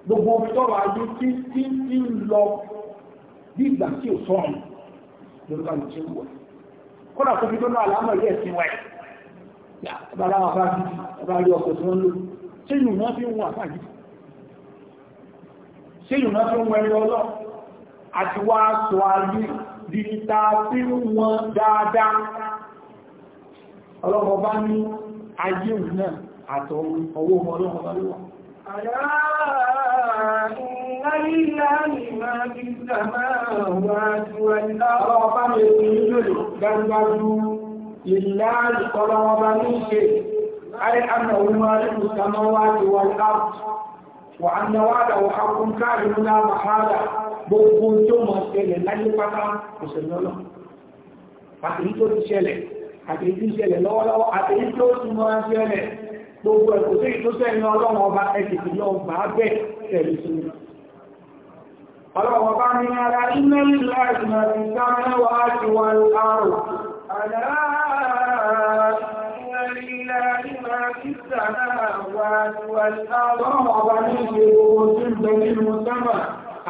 gbogbo tọ́rọ ayé tí tí ń lọ bí ìgbà tí ò sọ́run lórúkà lè ṣe wọ́n kọ́nà tó fi dóná àlámọ̀ ilé ẹ̀sìn wáyé ẹ̀bá láwọn afárá sí ẹ̀bá rí ọkọ̀ tó ń lò ṣé yìí wọ́n fi ń wọ́n àfáà yìí ṣé yìí wọ́n fi ń wọ́n ẹni ọlọ́ àti wá sọ ayé di ta fi ń wọ́n dáadáa ọlọ́mọ bá ní ayé òun náà àtọ̀wọ́ ọwọ́ ọmọ ọlọ́mọ bá lọ́wọ́ لله ما في السماوات والأرض من جنبه لله قرب من شيء أي أنه مالك السماوات والأرض وأن وعده حق كامل لا محالة gbogbo tó mọ̀ ṣẹlẹ̀ láyé pátá kò ṣẹlẹ̀ lọ. Àtèyí tó ti ṣẹlẹ̀, àtèyí tí ṣẹlẹ̀ lọ́wọ́lọ́wọ́, tó ti ṣẹlẹ̀, gbogbo ẹ̀kọ́ sí ìtúsẹ̀yìn ọlọ́run ọba ẹ̀sìn ìlọ́ bàá bẹ́ẹ̀ tẹ̀lé ọlọ́wọ́ bá ní ara iná ilẹ̀ ìmọ̀ ìsámẹ́wàá àti wọn àrùn Ọlọ́wọ́ ní ṣe ohun tí ń bẹ nínú sẹ́mà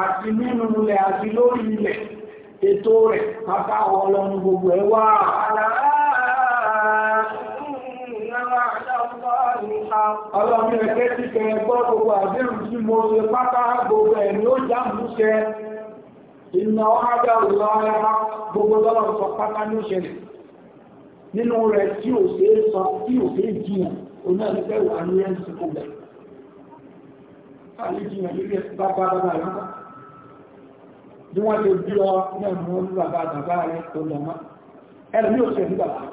àti nínú ilẹ̀ àti lórí ilẹ̀ Ọlọ́run ẹ̀kẹ́ ti kẹrẹ gbọ́ gbogbo àdéhùn tí mo ṣe pátá gbogbo ẹ̀ ni ó já mú ṣẹ. Ìnà ọ̀hájá òlọ́ ara gbogbo lọ́rọ̀ sọ pátá ní ìṣẹ̀lẹ̀. Nínú rẹ̀ tí ò ṣe é sọ tí ò ṣe é jiyàn, òun náà ní fẹ́ wà ní ẹ̀ ń sìn kó bẹ̀. Káàlì jiyàn lílẹ̀ bá bá bá bá yàtọ̀. Bí wọ́n ṣe bí ọ náà mú bàbá bàbá rẹ̀ tó dàmá. Ẹ̀rọ mi ò ṣe ní bàbá rẹ̀.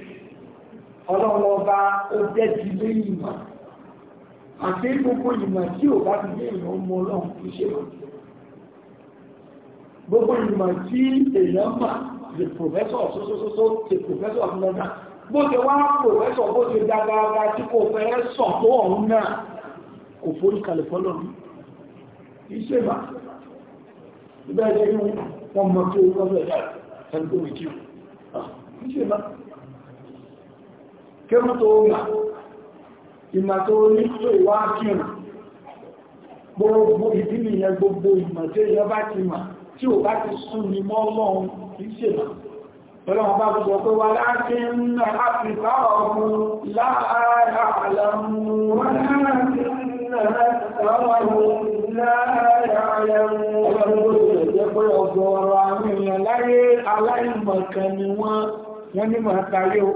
ọlọ́run ọba ó dẹ́jú lé ìmọ̀ àti gbogbo ìmọ̀ tí ò bá ti dé ìran mọ ọlọ́run kì í ṣe lọ gbogbo ìmọ̀ tí èèyàn mà lè pòfẹ́sọ̀ sósósósó lè pòfẹ́sọ̀ lọ́dà bó ṣe wá pòfẹ́sọ̀ bó ṣe dágbára tí kò fẹ́ sọ̀ tó ọ̀hún náà kò forí kalẹ̀ fọ́lọ́ mi kì í ṣe mà ìbẹ́ẹ̀ jẹ́ wọ́n mọ̀ tó lọ́dọ̀ ẹ̀dá ẹ̀dá ẹ̀dá kéwù tó gbà ìmà tó ní tó ìwá kírùn gbogbo ìdí nìyẹn gbogbo ìmà tí èyàn bá ti mà tí ò bá ti sún ní mọ́ lọ́run kìí ṣèlà ọlọ́run bá gbogbo pé wà láti ń àfìkà ọ̀run láàárá àlàmù wọ́n láti ń àfìkà ọ̀run láàárá àlàmù wọ́n láti ń àfìkà ọ̀run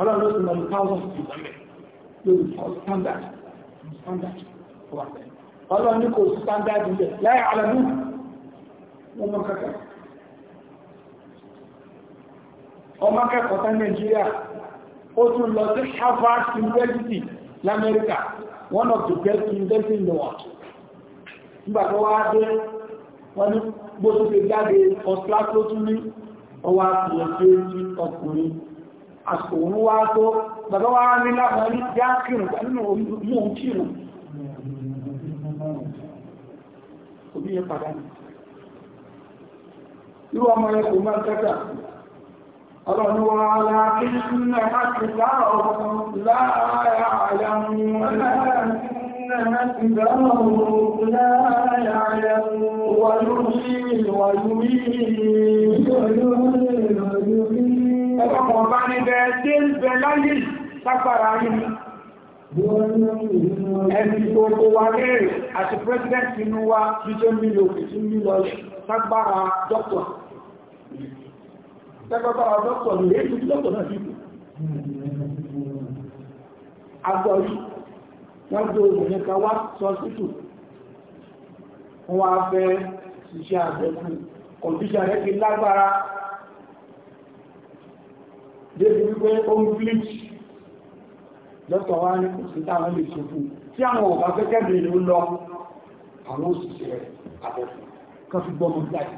ọlọ́run ló ti lọ thousand ìgbàmẹ́ lórí standard standard wà ọlọ́run ní kò sí standard ilẹ̀ láì alẹ́mú wọn mọ kẹkẹ ọmọ akẹ́kọ̀ọ́ tán Nàìjíríà ó tún lọ sí Harvard University l'Amẹ́ríkà one of the best university in the world nígbà tó wá dé wọ́n ní bó tó ṣe jáde first class tún ní ọwọ́ àti ẹ̀fẹ́ ọkùnrin àsòun wá tó bàbá wá rí láwọn rí já kírùn nínú mú kírùn òbí yẹn padà ní irú ọmọ rẹ̀ kò máa tẹ́tà ọlọ́run wá láàrín àyàmù ويحيي ويميت ويحيي ويميت ẹgbọ́n bá ní bẹ dé ń bẹ láyé sápàrà yìí ẹni tó kó wa léèrè àti president inú wa tí tó mílò tí mílò sápàrà dọ́kọ̀ sápàrà dọ́kọ̀ ní èyí tí dọ́kọ̀ náà sí agbọ̀rí wọ́n gbé obìnrin kan wá sọ́sítù wọ́n wá fẹ́ ṣiṣẹ́ àbẹ̀kù kọ̀m̀pútà rẹ̀ ti lágbára débi wípé ó ń bleach lọ́tọ̀ wá ní òsìta àwọn lè ṣe fún tí àwọn ọ̀gá fẹ́kẹ́ bí ló lọ àwọn òṣìṣẹ́ rẹ̀ àbẹ̀fún kan fi gbọ́mọ jáde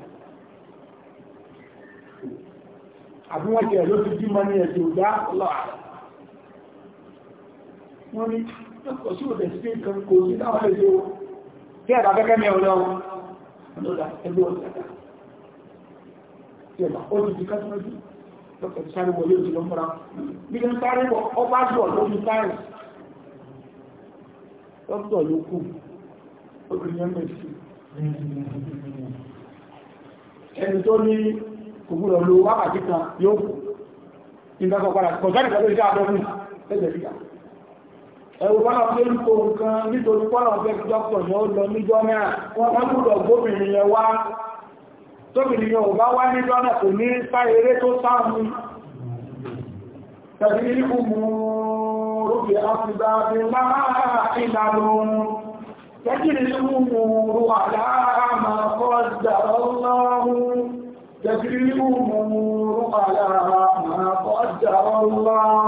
àbí wọ́n jẹ́ ló fi bímọ ní ẹ̀jẹ̀ ògbá ọlọ́rà wọ́n ní ọkọ̀ sí òdẹ̀ sí kan kò sí táwọn lè ṣe tí ẹ̀dà fẹ́kẹ́ mi ọ̀lọ́ ọ̀lọ́dà ẹgbẹ́ ọ̀lọ́dà tí dókítà ti sáré wọlé òjì ló múra bí ló ń sáré wọ ọba jọ ló ń sáré dókítà ló kù obìnrin ẹgbẹ́ sí ẹni tó ní kò gbúdọ̀ lo wákàtí kan yóò kù nígbà kan padà kò sáré kan ló ń sáré àdọ́rùn ẹgbẹ́ sí ẹ̀wù bọ́lá ọ̀fẹ́ ń kó nǹkan nítorí bọ́lá ọ̀fẹ́ dókítà ni ó lọ níjọ́ náà wọ́n tóbìnrin ò bá wá ní lọ́nà kò ní sá eré tó sáàmù tàbí ní kùmù rúbì áfìdá bí máa ìlànà tẹ́kìrì ní kùmù rúwà láàmà kọ́dà ọlọ́run tẹ́kìrì ní kùmù rúwà láàmà kọ́dà ọlọ́run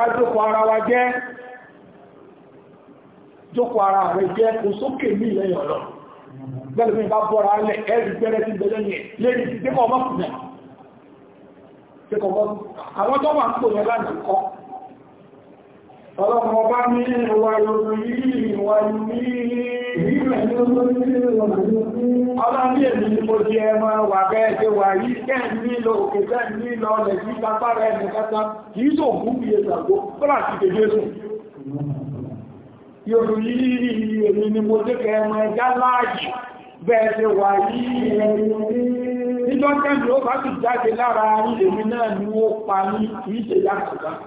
bá jókòó ara wa jẹ́ jókòó ara rẹ̀ jẹ́ kò sókè ní ilẹ̀ ọ̀lọ́ bẹ́ẹ̀ mi bá bọ́ra lẹ̀ ẹ̀rì gbẹ́rẹ́ sí gbẹ́rẹ́ yẹn lẹ́yìn tí dẹ́kọ̀ ọmọkùnrin àwọn ọlọ́run ọba ní ìwà ìròyìn yìí ìwà Yorùyí èmi ni mo dékẹ ẹmọ ẹja láàájì bẹ́ẹ̀ ṣe wà yìí ẹni nígbọ́n tẹ́lú ó bá ti jáde lára ilẹ̀ mi náà ni ó pa ní kìí ṣe yàtọ̀ láti.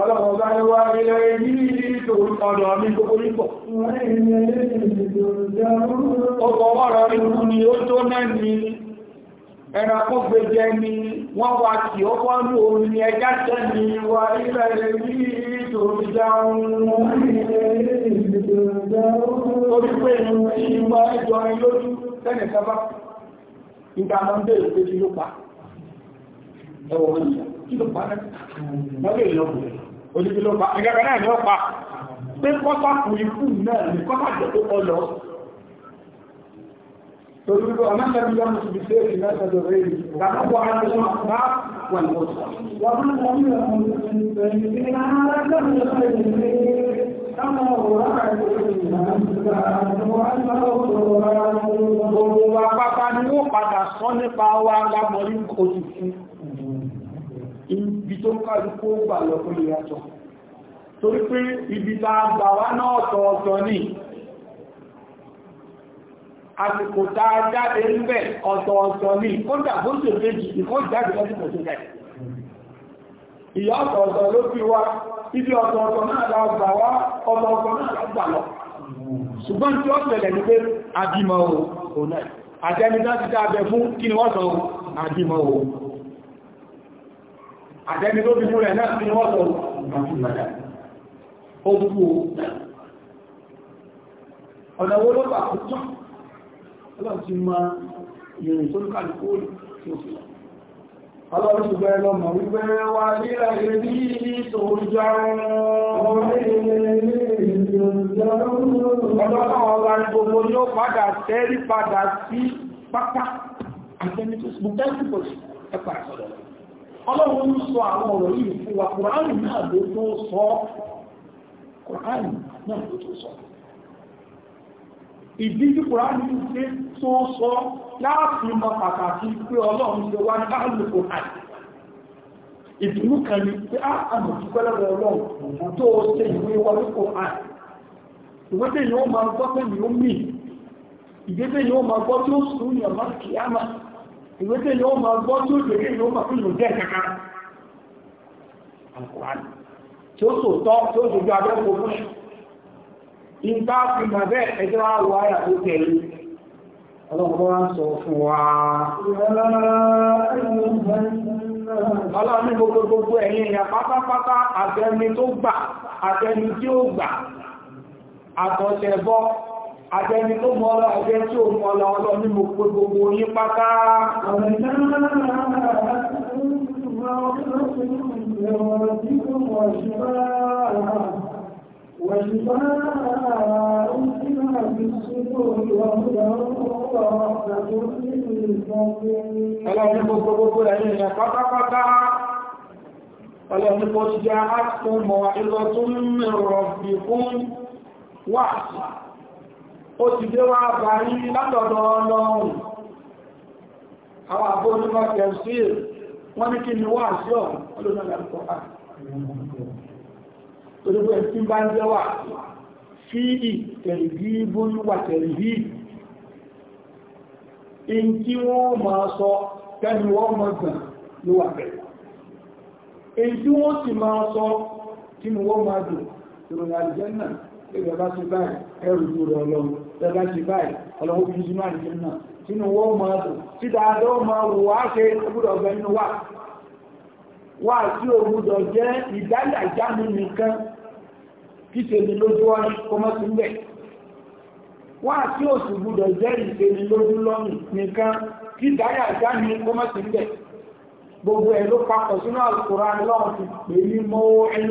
Ọlọ́run bá ní wá ilẹ̀ yìí ni wọ́n wá kì ó kọ́ ní orin ni ẹjá tẹ́ ni wá ilẹ̀ yìí tó ń jáun. Orí pé ìrìn ìmọ̀ ẹjọ́ ilójú tẹ́nì sábá, kí ló pa náà Torí wípé ọmọ ìlànà ìlànà ti fi ṣe ìlànà ìjọba èyí, ìgbàmọ́bọ̀ ara ìṣọ́ bá wà ní ọ̀sán. Wà fún ọmọ ìlànà ìlànà ìlànà ìlànà ibi tó kálukú gbà lọ fún ìyàtọ̀ torí pé ibi ta gbà wá náà tọ̀ọ̀tọ̀ ní àsìkò tá a jáde níbẹ̀ ọ̀tọ̀ọ̀tọ̀ ní kódà bó ṣe méjì ìkó jáde lásìkò tó jáde ìyá ọ̀tọ̀ọ̀tọ̀ ló fi wá ibi ọ̀tọ̀ọ̀tọ̀ náà la gbà wá ọ̀tọ̀ọ̀tọ̀ náà la gbà lọ ṣùgbọ́n tí ó ṣẹlẹ̀ ní pé àbímọ̀ òun náà àjẹni láti dáadẹ fún kí ni wọ́n sọ àbímọ̀ òun àtẹ́ni tó fi múlẹ̀ náà fi wọ́n sọ ìgbàmúlẹ̀ ó kú ọ̀nà owó ló pàtó tán ọlọ́run ti ma ìrìn tó lùkàlù kó lè tí ó fi lọ ọlọ́run ti bẹ́ẹ̀ lọ́mọ wípé wà nílẹ̀ ìrìn ní ìtòrí járún ọlọ́run tó sì mú tẹ́sí pọ̀ ọlọ́run ń sọ àwọn ọ̀rọ̀ yìí fún wa kùránì náà ló tó sọ kùránì náà ló tó sọ ìdí tí kùránì ṣe tó sọ láàfin mọ pàtàkì pé ọlọ́run ṣe wá ní àlùkò kùránì ìdùnnú kan ní pé á ah, àmọ̀túpẹ́lẹ́wọ̀ ọlọ́run tó ṣe ìwé wa ní ìwé ó máa gbọ́ ó mì ìgbésẹ̀ ó máa gbọ́ sùn ní ìwé tí yóò máa gbọ́ tí ó jẹ́ yóò máa fún ìlú jẹ́ kaka àkùránì tí ó sòtọ́ tí ó sojú abẹ́kọ̀ọ́ fún ìgbà fi mà bẹ́ẹ̀ ẹjọ́ wá ayà tó tẹ̀lé ọlọ́pàá wá ń sọ fún wa ọlọ́run gbogbo gbogbo ẹ̀yìn ìyà pátápátá àtẹni tó gbà àtẹni tí ó gbà àtọ̀tẹ̀bọ́ àjẹni tó mọ́ ọlọ́ àjẹ́ tí ó mọ́ ọlọ́ ọlọ́ ní mo pé gbogbo yín pátá Ọlọ́run ní gbogbo gbogbo ẹ̀yìn ìrìn pátápátá ọlọ́run kò jẹ́ àtúnmọ̀ ó ti dé wá bá yí látọ̀dọ̀ ọlọ́run àwọn àbójúmọ́ kẹsí wọ́n ní kí ni wá sí ọ̀run olóòrùn àkọ́kọ́ torípé tí bá ń jẹ́ wà fíì tẹ̀lìbí bóyú wà tẹ̀lìbí in tí wọ́n máa sọ tẹ́lì wọ́n mọ̀ gbọ̀n ló wà bẹ̀rẹ̀ in tí wọ́n sì máa sọ tí wọ́n máa dùn ìròyìn àjẹ́ náà ẹgbẹ̀ bá ti báyìí ẹrù ìgbòrò ọlọ́run tẹ́lá ṣe báyìí ọlọ́wọ́ bí jùmọ́ àti jùmọ́ sínú wọ́n máa dùn tí dáadọ́ máa wò wá ṣe ọgbọ́dọ̀ ọgbẹ́ nínú wà wà tí ògbọ́dọ̀ jẹ́ ìdáyà ìjánu nìkan kí ṣe ní lójú wọn kó mọ́ sí bẹ̀ wà tí òsì gbọ́dọ̀ jẹ́ ìṣe ní lójú lọ́nù nìkan kí ìdáyà ìjánu kó mọ́ sí bẹ̀ gbogbo ẹ̀ ló papọ̀ sínú àkùrá lọ́wọ́ ti pè ní mọ́wọ́ ẹ̀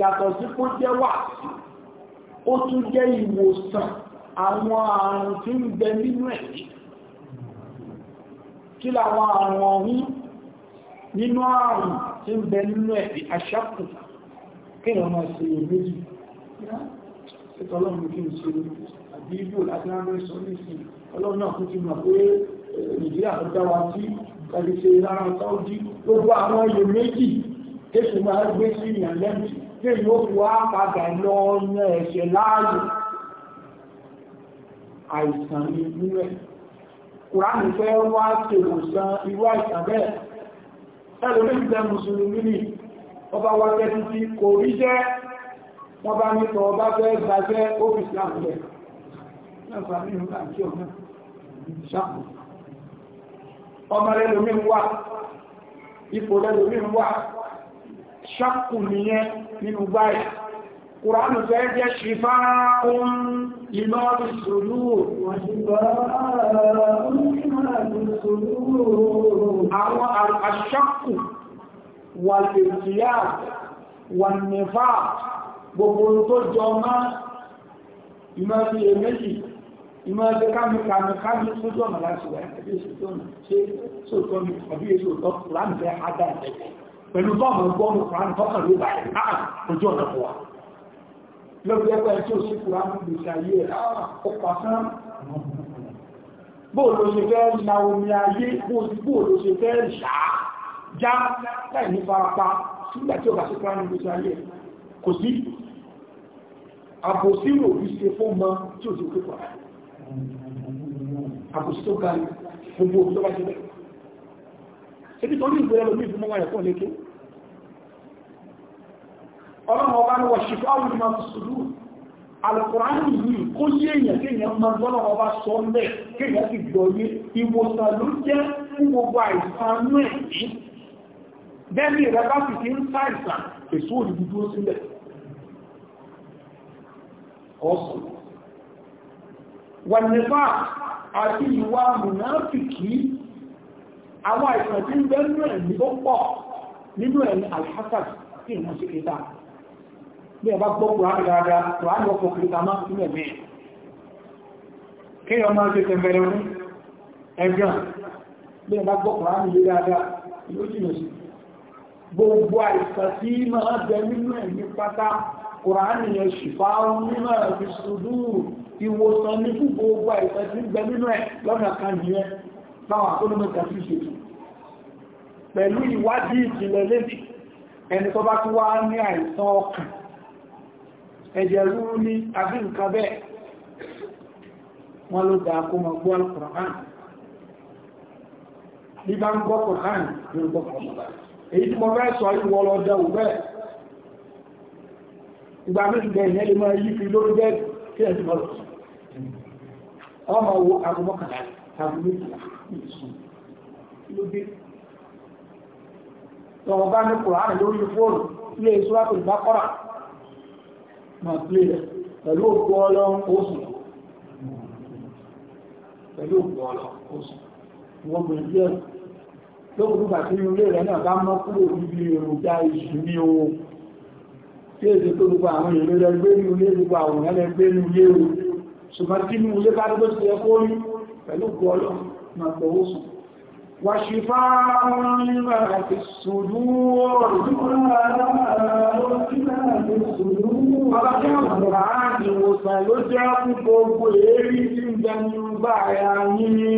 yàtọ̀ sí kó jẹ́ wà sí ó tún jẹ́ ìwòsàn àwọn àrùn tí ń bẹ nínú ẹ̀mí kí làwọn àrùn ọ̀hún nínú àrùn tí ń bẹ nínú ẹ̀mí aṣákù kéèyàn máa ṣe èméjì ṣètò ọlọ́run kí n ṣe àbí ibò láti ránṣẹ́ sọ nísìn ọlọ́run náà kún ti mọ̀ pé nàìjíríà tó dá wa sí kàlùṣe lára sáúdí gbogbo àwọn èèyàn méjì kéṣù máa gbé sí ìyàn tí yóò fi wá padà lọ ọ̀nà ẹ̀ṣẹ̀ láàyò àìsàn ìlú ẹ̀ kùránì fẹ́ wá tèròsàn irú àìsàn bẹ́ẹ̀ ẹlòmí ìjẹ mùsùlùmí ni ọba wá jẹ́ títí kò rí jẹ́ wọ́n bá nípa ọba fẹ́ gbàjẹ́ ọ́fíìsì àpẹẹ ọmọ rẹ̀ lómi wà ipò rẹ̀ lómi wà ṣakù nìyẹn nínú báyìí kùránù fẹ́ jẹ́ ṣìfá ohun iná ìṣòlú àwọn àṣakù wà lè tíyà wà nìfà gbogbo tó jọ máa ìmọ̀ sí èméjì ìmọ̀ ẹgbẹ́ kámikàmí tó jọ mọ̀ láti wà ẹgbẹ́ ìṣòtọ́ pẹ̀lú bọ́ọ̀mù gbọ́mù kùránì tọ́kàn ló bá ẹ̀ náà ah, ojú ọ̀nà fún wa lọ́bí ẹgbẹ́ tí ó sí kùránì gbèsè ayé ẹ̀ ah, ó pàṣán bóòlò ṣe fẹ́ na omi ayé bóòlò ṣe fẹ́ ṣàá já láì ní farapa sígbà tí ó bá sí kùránì gbèsè ayé kò sí àbòsí rò bí ṣe fún mọ tí ó ti pé pàdà àbòsí tó ga gbogbo òbí tó bá ṣe bẹ́ẹ̀ ṣe bí torí ìgbéyàwó ní ìfúnmọ́wà ẹ̀kọ́ lẹ́kẹ́ ọlọ́run ọba ní wọ̀ṣíkọ́ àwọn ìmọ̀ sùúrù yìí kó yé èèyàn èyàn máa gbọ́nà ọba sọ mẹ́ kéèyàn ti gbọ́ yé ìwòsàn ló jẹ́ fún gbogbo ẹ̀ yìí bẹ́ẹ̀ni rẹ̀ bá sì ti ń èso sílẹ̀ ọ̀sùn àti ìwà mùnáfìkì àwọn àìsàn tí ń bẹ́ẹ̀ nínú ẹ̀mí ó pọ̀ bí ẹ bá gbọ́ kùránì dáadáa kùránì ọkọ̀ kìrìtà máa ń sílẹ̀ mí kí ọmọ ṣe tẹ̀mẹ̀rẹ̀ fún ẹgbẹ̀rún bí ẹ bá gbọ́ kùránì lé dáadáa yóò jìnà sí gbogbo àìsàn tí máa bẹ nínú ẹ̀mí pátá kùránì yẹn ṣùfà nínú ẹ̀mí sùdú ìwòsàn ní fún gbogbo àìsàn tí ń bẹ nínú ẹni tó bá tún wá ní àìsàn ọkàn ẹ̀jẹ̀ rúrú ní àbí nǹkan bẹ́ẹ̀ wọ́n ló dáa kó mọ gbọ́ alkùnrán bí bá ń gbọ́ kùnrán ní gbọ́ kùnrán èyí tí mo fẹ́ sọ ìwọ lọ dẹ̀wù bẹ́ẹ̀ ìgbà méjì bẹ́ẹ̀ ìyẹn lè máa yí fi lórí bẹ́ẹ̀ kí ẹ̀ ti mọ́ lọ sùn ọmọ wo agbọ́kànlá máa pè rẹ̀ pẹ̀lú òkú ọlọ́run oṣù pẹ̀lú òkú ọlọ́run oṣù wọ́n gbé e díẹ̀ lókùnrin bàtí inú ilé rẹ̀ náà bá mọ́ kúrò níbi èròjà ìṣù ní o tí èdè tó gbogbo àwọn èrò rẹ̀ gbé ní ilé gbogbo àwòrán rẹ̀ gbé ní ilé o ṣùgbọ́n tí inú ilé bá dúró sí ẹkọ́ rí pẹ̀lú òkú máa pẹ̀wọ́ sùn وشفاء لما في الصدور Ọlọ́pẹ́ ọ̀rọ̀ àti ìwòsàn ló jẹ́ púpọ̀ gbogbo èrí tí ń jẹni bá àyà yìí.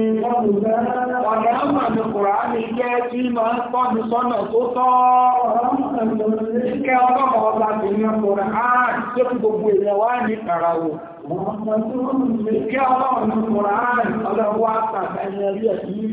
Ọ̀nà ọmọ ni kùrà ní jẹ́ tí máa ń pọ́ ní sọ́nà tó tọ́. Ìkẹ́ ọlọ́pọ̀ ọba ti ní kùrà áàrùn tí ó gbogbo ìrẹwà ní kàràwò. Ìkẹ́ ọlọ́pọ̀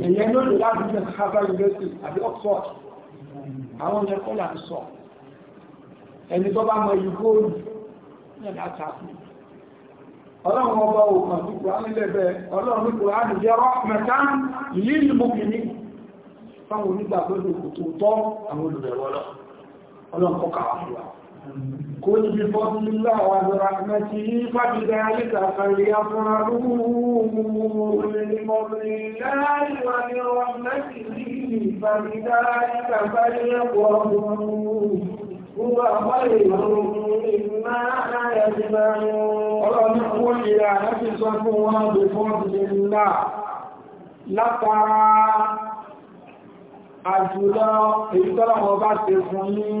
èyẹ ló lè láti jẹ́ harvard university àbí oxford àwọn ọ̀nà ẹ̀kọ́ là ń sọ ẹni tó bá mọ ìlú góòlù ní ẹ̀dá tààfù ọlọ́run ọba òkàn ní kùránì lẹ́bẹ̀ ọlọ́run ní kùránì jẹ́ mẹ́ta lílù mọ́kìní fáwọn onígbàgbọ́dọ̀ òkùtò tọ́ àwọn olùrẹ̀wọ́lọ́ ọlọ́run kọ́kà wà قل بفضل الله وبرحمته فبذلك فليفرحوا بفضل الله وبرحمته فبذلك فليفرحوا هو خير مما يجمعون ونقول إلى نفس هو بفضل الله látara àjùlọ èyí tọ́lọ̀mọ̀ bá ṣe fún yín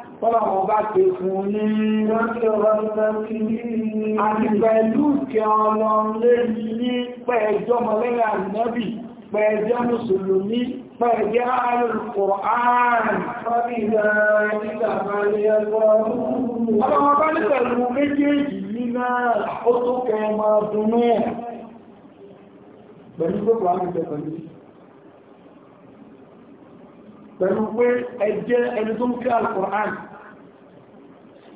Fọ́lọ̀mọ̀ bá ṣe fún ní àti pẹ̀lú kẹ ọlọ́run lé ní pẹ̀ẹ̀jọ́ mọ̀lẹ́yà nẹ́bì, pẹ̀ẹ̀jẹ́ mùsùlùmí, pẹ̀ẹ̀jẹ́ alùkùrán. Fọ́lọ̀mọ̀ bá ní pẹ̀lú méjèèjì nínú ó tó kẹ máa dúnú. Pẹ̀lú gbogbo àmì pẹ̀lú pẹ̀lú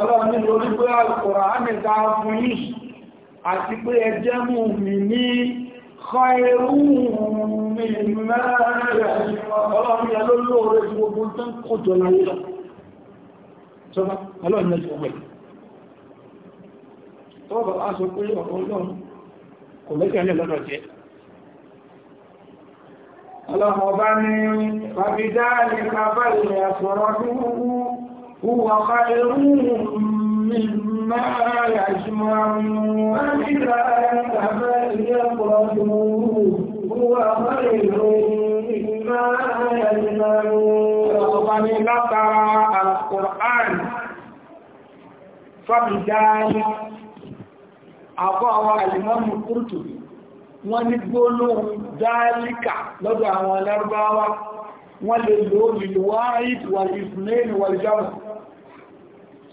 Ọlọ́run ní orí pé Al-Qur'ani ta fún yìí àti pé ẹjẹ́ mú mi ní Kọ́ẹ̀rú mi mẹ́rẹ̀ ọlọ́run yẹ ló lóòrẹ́ tí gbogbo tó ń kò jọ láyé lọ. Ṣọ́bá, ọlọ́run yẹ ṣọ́gbẹ̀. Tọ́bọ̀ á sọ pé ọ̀pọ̀ ọlọ́run kò lẹ́kẹ̀ẹ́lẹ̀ lọ́dọ̀ jẹ́. Ọlọ́run ọba ni, Bàbí dáa ni, Bàbá ilẹ̀ àṣọ̀rọ̀ هو خير مما يجمعون وإذا تبيضه هو خير مما يجمعون ومن نقرأ القرآن فبذلك àbáwà alìmọ́mù kúrùtùbí wọ́n ní gbólóhùn dáálíkà lọ́dọ̀ àwọn alárúbáwá wọ́n lè lò ìlúwáyìí wà ìfúnlẹ̀ ìwà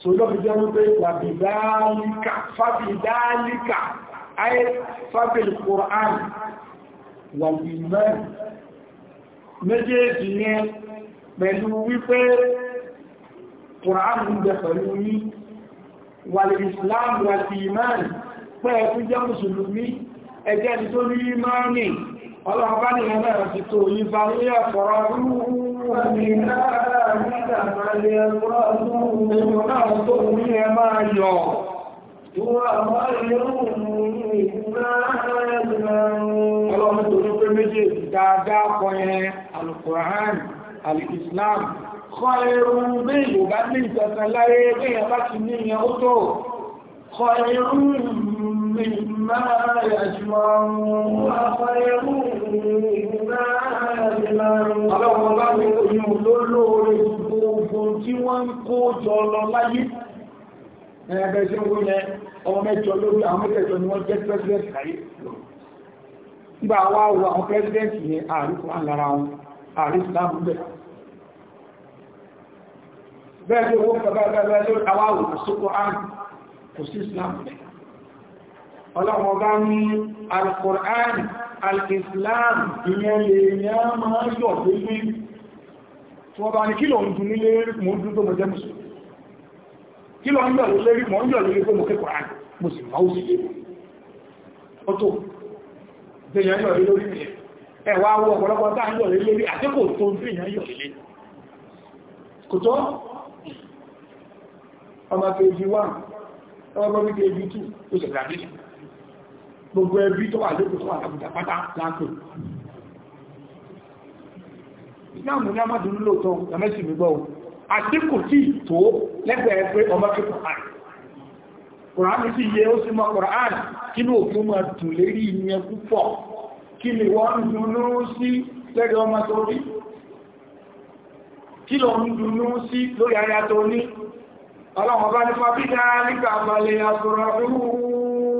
so lọ́fi jẹ́ wípé wàbìdáálíkà fàbìdáálíkà ayé fàbìlì kòrán wàbìmẹ́ méjèèjì yẹn pẹ̀lú wípé kòrán ń bẹ pẹ̀lú ní wàlì islam wàlì imani pẹ̀lú jẹ́ mùsùlùmí ẹjẹ́ ni tó ní imani ọlọ́pàá nìyàn náà ti tó yí Ọlọ́run tó ní pé méjèèjì dáadáa kọ yẹn Al-Qur'an, Al-Islam, kọ́ irun bí ìlú ní ìtẹ̀sẹ̀ láyé bí ìyẹn ti ní ìyẹn ó tó, kọ́ irun مما يجمعون وخير مما يجمعون ọlọ́run ọba ní oyún olólóore gbogbo tí wọ́n ń kó jọ lọ láyé ẹgbẹ́ tí ó wọ́n yẹ ọmọ mẹ́jọ lórí àwọn mẹ́jọ ni wọ́n jẹ́ president láyé nígbà wá wọ àwọn president yẹn àríkù àlára wọn àríkù láàmú bẹ́ẹ̀ bẹ́ẹ̀ tí owó kọ̀ọ̀bá bẹ́ẹ̀ lórí àwọn àwòrán sókò àrùn kò sí Islam bẹ́ẹ̀ ọlọ́wọ́ bá ní al-Qur'an al-Islam ìyẹn lè ní a máa yọ̀ tó ní tí wọ́n bá ní kílọ̀ ń dún nílé mọ́ dún tó mọ́ jẹ́ mùsùlùmí kílọ̀ ń yọ̀ lórí mọ́ ń yọ̀ lórí tó mọ́ kẹ́kọ̀ọ́ àti mùsùlùmí ó sì lè ó tó ọmọ kejì 1 ọmọ kejì 2 ó sì gbogbo ẹbí tó wà lókè tó wà lábùjá pátá láńpẹ̀ ìsìláàmù ní amádùn lóòótọ́ ẹ̀mẹ́sì mi gbọ́ àdínkù tí tó lẹ́gbẹ̀ẹ́ pé ọmọ kíkọ̀ àrùn Kùránì sí iye ó sì mọ́ Kùránì kí ní òfin máa dùn lérí ìyẹn púpọ̀ kí ni wọ́n ń dunú sí lẹ́rẹ̀ ọmọ tó rí kí lọ ń dunú sí lórí aya tó ní ọlọ́wọ́n bá nípa bí dáa nígbà àmàlẹ̀ àtọ̀rọ̀ rúrú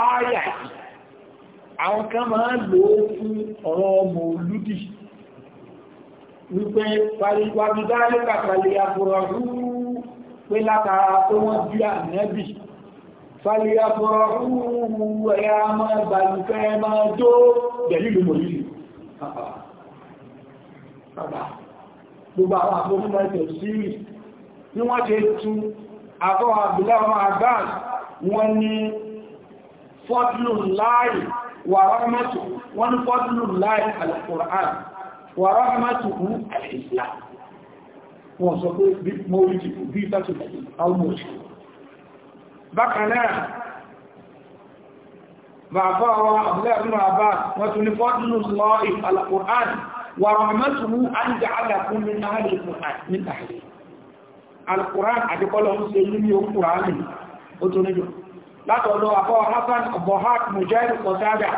ááyà àwọn kan máa lò ó fún ọ̀rọ̀ ọmọ olúdì wípé pàlíwàbídá lẹ́kàtàlẹ̀ àfúrọ̀rú pé látara tó wọ́n bí ànẹ́bì pàlíwàbídá ẹ̀yà máa bàlùfẹ́ máa jó pẹ̀lú mòlìlì gbogbo àwọn àfọ́mọ́ ẹ̀tẹ̀ síri ní wọ́n ṣe tún àfọ́ àbìlá wọn àgbà wọn ni fọ́dúnlù láì wàrọ́mọ́tù wọ́n ní fọ́dúnlù láì alìkùrán wàrọ́mọ́tù hù alìsìlá wọ́n sọ pé bí mọ́wíjì bí tàtù almoji bákanáà bàbá wa abúlẹ́rún àbá wọ́n tún ní fọ́dúnlù láì wàrọ́mọ́tù hù alìjàálàkún min àdíkọ́lọ́ látọ̀lọ́ àfọ́ hassan bohak mujahid kọtada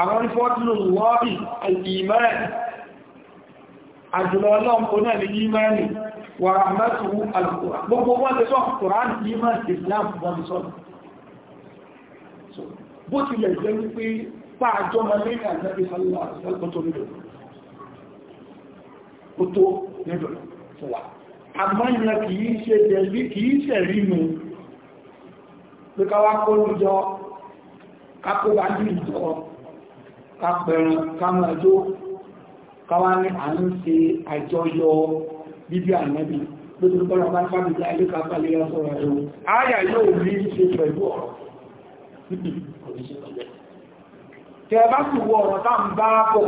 àwọn onífọ́tínú lọ́bí al'iman àjùlọ ọlọ́m oní al'imani wà rahmatu al-Qur'an gbogbo wọ́n ti sọ Qur'an iman Islam wọ́n ti sọ bó ti lè jẹ́ wípé pàájọ́ pé ká wá kó lùjọ kápẹ́bá ní ìjọ kápẹ̀rún kámọ́jó káwá ní à ń ṣe àjọyọ̀ bíbí ànábì lójú bọ́lá bá fábíjá ilé kápálẹ̀ lọ́sọ̀rọ̀ ẹ̀wọ̀ ayà yóò rí ṣe pẹ̀lú ọ̀rọ̀ tẹ́ bá sì wọ ọ̀rọ̀ tá ń bá bọ̀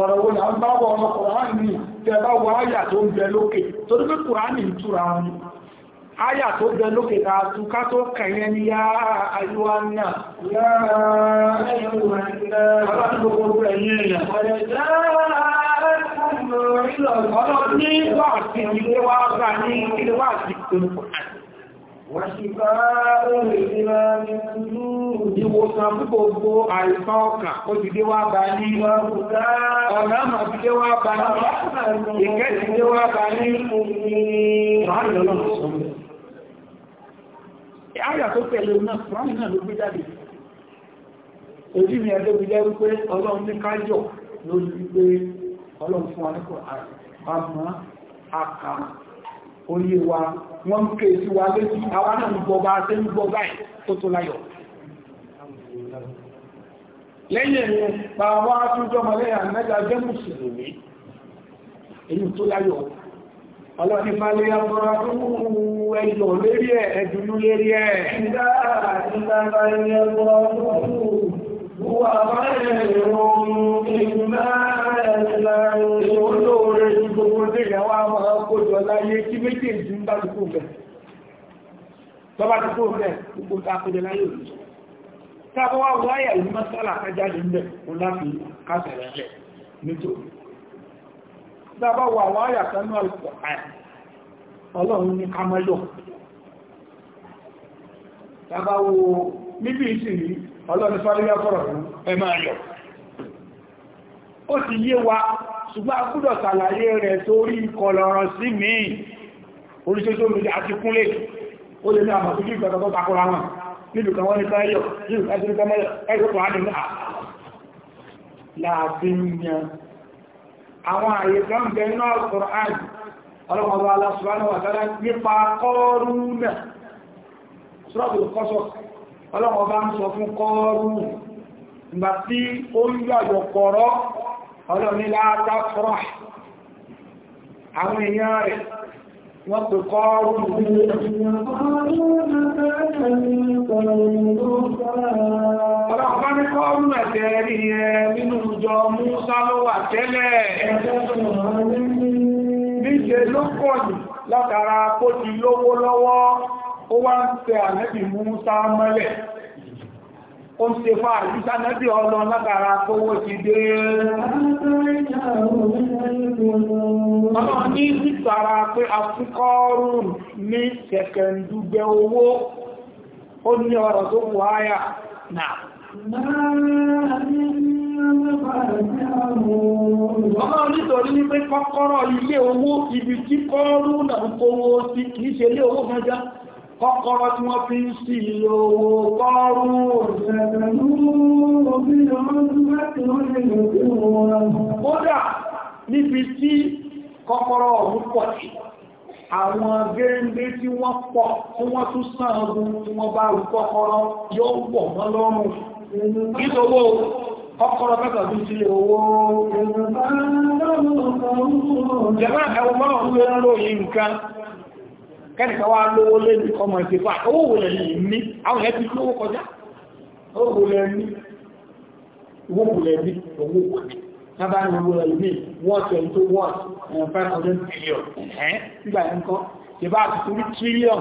ọ̀rọ̀ wo là ń bá bọ̀ ọmọ kùránì tẹ́ bá wọ ayà tó ń bẹ lókè torí pé kùránì ń túra wọn Aya tó gan lókè ta túká tó kẹ̀yẹ ní yá àyíwá náà. Yá àyíwá náà. Ọlọ́dún gbogbo ẹ̀yìn èèyàn. Ọlọ́dún ní wà sí ilé wá bá ní ilé wá sí Ìwòsàn fún gbogbo àìsàn ọkàn ó ti dé wá bá ní ọ̀nà àmà ti dé wá bá ní ìkẹ́ ti àyà tó tẹ̀lé náà kùránì náà ló gbé jáde ojú mi ẹgbẹ́ mi lẹ́rú pé ọlọ́run ní kájọ̀ lórí wípé ọlọ́run fún wa àmọ́ àkà oyé wa wọ́n ń ké sí wa létí àwa náà ń gbọ́ bá wa ọlọ́ni fàlẹ́ àbúrà ẹjọ́ lérí ẹ̀ ẹ̀dùnú lérí ẹ̀ olóòrè ju gbogbo lérí àwọn àwọn akójọ láyé kí méjèèjì ń bá dùkú mẹ́ tọ́bá dùkú mẹ́ gbogbo akójọ láyé òjò tábọ́wà wáyà ìlú mọ́sálà kájáde mẹ́ òun láti kásẹ̀rẹ̀ rẹ̀ nítorí dábá wà wá àyàtọ̀ náà lọ́pọ̀ ọlọ́run ní kamalọ̀ dábá wo níbi ìsìnrí ọlọ́run fàríyà fọ́rọ̀ fún ẹmà yọ ó ti yé wa ṣùgbọ́n akúdọ̀ sàlàyé rẹ̀ torí kọlọ̀rọ̀ sí mi oríṣẹ́sọ́ mi àti kúnlẹ̀ ó lè ní àmàkójú ìgbàtọ̀ takọ́ra wọn nílùú kan wọ́n ní káyọ̀ nílùú kan àwọn àyè kan bẹ nínú Al-Qur'an ọlọ́pàá Allah subhanahu wa ta'ala nípa Qaruna Suratul Qasas ọlọ́pàá ń sọ fún Qarun ìgbà tí ó ń yàjọ kọ̀rọ̀ ọlọ́ni la àwọn èèyàn rẹ̀ wọ́n pè kọ́ ọrùn ẹ̀tẹ̀ẹ̀rí ẹ nínú ìjọ Músá ló wà tẹ́lẹ̀ níṣe ló pọ̀ jù látara kó ti lówó lọ́wọ́ ó wá ń tẹ ànẹ́bì Músá mọ́lẹ̀ ó ń ṣe fà àjíṣà nẹ́bí ọlọ látara kówó ti dé ọlọ́run ní pé afúkọ́rù ní kẹ̀kẹ̀ndúgbẹ̀ owó ó ní ọ̀rọ̀ tó kù áyà náà Ọmọ nítorí wípé kọ́kọ́rọ́ ilé owó ibi tí kọ́rù náà kówó sí kìí ṣe ilé owó kọ́kọ́rọ́ tí wọ́n fi ń sí ilé owó kọ́rù kódà níbi tí kọ́kọ́rọ́ ọ̀hún pọ̀ sí àwọn gẹ́gẹ́ tí wọ́n pọ̀ tí wọ́n tún sàn ọdún tí wọ́n bá rú kọ́kọ́rọ́ yóò wọ̀ mọ́ lọ́rùn nítorò kọ́kọ́rọ́ mẹ́ta tún sílé owó jẹ́mọ́ ẹ̀wọ̀n mọ́ kẹ́nìkan wá lówó lẹ́nu ọmọ ìṣẹ́fà owó wò lẹ́ ní àwọn ẹ̀ ti lówó kọjá owó wò lẹ́ ní owó wò lẹ́ ní owó wò ní lábá ní owó lẹ́ wọ́n tẹ̀ tó wọ́n five hundred billion ẹ̀hẹ́n nígbà yẹn kọ́ ìbá àti torí trillion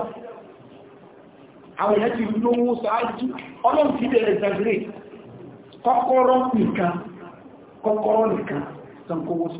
àwọn ẹ̀ ti lówó sáájú ọlọ́run ti bẹ̀rẹ̀ ìtàgé kọ́kọ́rọ́ nìkan kọ́kọ́rọ́ nìkan tó ń kówó sí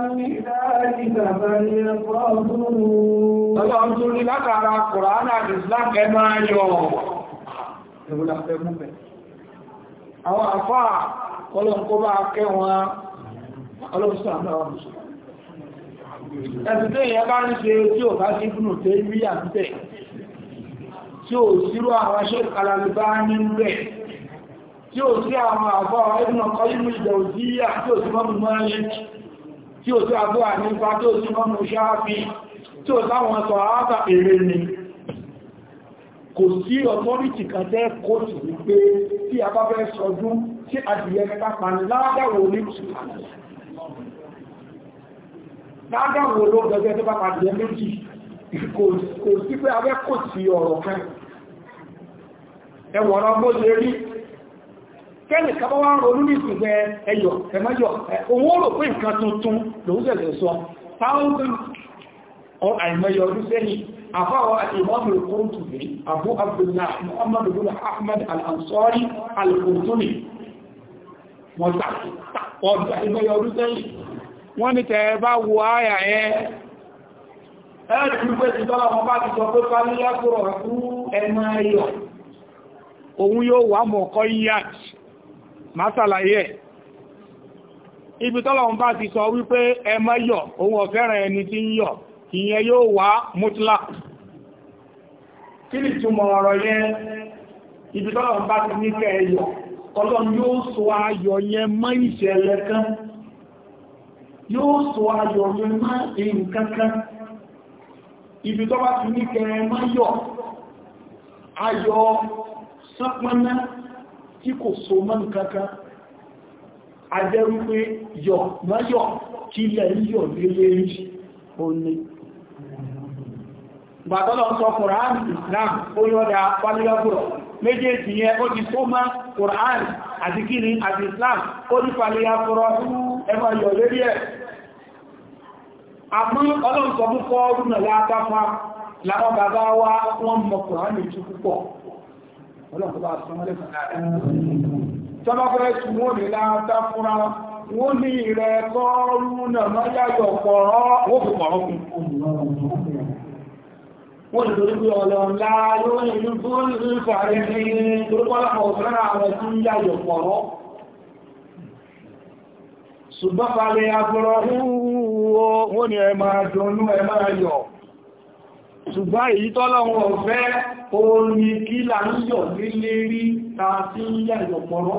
Ọlọ́run tó ní látara Kùránà Islam ẹ máa yọ. fẹ́ mú bẹ̀. Àwọn àfáà kọlọ̀n bá kẹ́ wọn ọlọ́sàn náà mùsùn. Ẹ̀sùn tí ìyẹn bá ń ṣe tí ò bá sí fúnnù tí ó tó àbú ànífà tí ó túnmọ́ mú ṣááfí tí ó táwọn sọ àátà èrè ni kò sí ọ̀tọ́rìtì kan tẹ́ kóòtù wípé tí a bá fẹ́ sọdún tí adìyẹ pápá ní ládàwò ní ládàwò ló gẹ́gẹ́ tó pápá adìyẹ méjì kò sí pé a fẹ́ kóòtù ọ̀rọ̀ kan ẹwọ̀n ọmọ lè rí tẹ́lẹ̀ kaba wá ń ronú ní ìsìnkú ẹyọ ẹmọ́yọ òun ó rò pé nǹkan tuntun lòún tẹ̀lẹ̀ sọ thousand or àìmọye ọdún sẹ́yìn àfáwọ̀ àtìmọ́bìnrin kúrùtùbí Abu Abdullah Muhammad bin Ahmad al-Ansari al-Qurtubi wọ́n tàbí ọdún àìmọye ọdún sẹ́yìn wọ́n ní tẹ̀ẹ̀ bá wo áyà ẹ ẹ̀rì pípẹ́ ti tọ́lá wọn bá ti sọ pé fáníyà kúrọ̀ fún ẹmọ ẹyọ òun yóò wà mọ̀kọ́ yíyàtì máa ṣàlàyé ẹ̀ ibi tọ́lọ̀un bá ti sọ wípé ẹ má yọ̀ òun ọ̀fẹ́ràn ẹni tí ń yọ̀ ìyẹn yóò wá mútlá kí ni túmọ̀ ọ̀rọ̀ yẹn ibi tọ́lọ̀un bá ti ní kẹ́ ẹ yọ̀ ọlọ́run yóò sọ ayọ̀ yẹn mọ́ ìṣẹ̀lẹ̀ kan yóò sọ ayọ̀ yẹn mọ́ nǹkan kan ibi tọ́ ti ní kẹ́ ẹ yọ̀ ayọ̀ sọ́pọ́nná tí kò so mọ́nù kankan ajẹ́ wípé yọ̀ mọ́yọ̀ kí ilẹ̀ yíyọ̀ lélé rí oní gbàtọ́lọ̀ sọ Kùránì Islam ó yọ́dá méjèèjì yẹn ó ti tó máa Kùránì àti kíni àti Islam ó ní ẹmọ ẹ̀ púpọ̀ ọlọ́run wọ́n lè torí pé ọlọ́run láàárọ̀ ìlú tó ń ní torípọ́lápọ̀ òṣèrànà àwọn tí ń yàgbọ̀ pọ̀rọ́ ṣùgbọ́n fàárẹ̀ agbọ́rọ̀ wọ́n ní ẹ máa jọ ṣùgbọ́n èyí tọ́lọ́wọ́ ọ̀fẹ́ orí kí láyíyọ̀ nílé rí ta sí yà ìyọ̀pọ̀rọ̀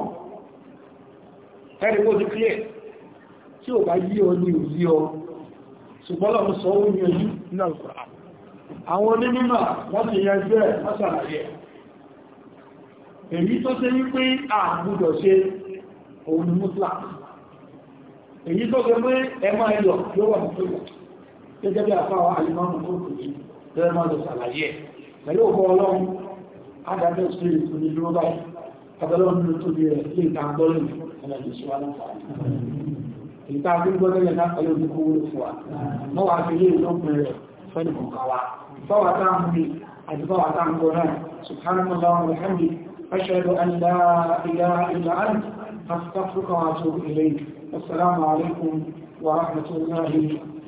ẹ̀rẹ́gbò ti clear tí ò bá yí ọ ní òyí ọ ṣùgbọ́n lọ́mù sọ ó ní ojú náà àwọn onímọ̀ wọ́n ti yẹ ẹgbẹ́ mọ́sàlàyé èyí tó ṣe wípé àgbùdọ̀ ṣe òun ẹmọ́ ẹyọ̀ yóò wà ní tó gẹ́gẹ́ bí àfáwà àlìmọ́nù tó kù yìí bẹ́ẹ̀ máa lọ sàlàyé pẹ̀lú ọkọ̀ ọlọ́run adájọ́ sí ètò ní dúró báyìí ọ̀dọ́lọ́run ló tó di rẹ̀ sí ìta gbọ́lẹ̀ ọ̀nà ìṣúwà láǹfààní ìta gbígbọ́lẹ̀ lápẹ̀lú oníkó wúlò fún wa mọ́ wá fi lé ìlọ́pìn rẹ̀ fẹ́lú kọ̀ọ̀kan wa báwa tá ń bí àti báwa tá ń gbọ́ náà subhanallah wa hamdi أشهد أن لا إله إلا أنت أستغفرك وأتوب إليك والسلام عليكم ورحمة الله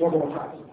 وبركاته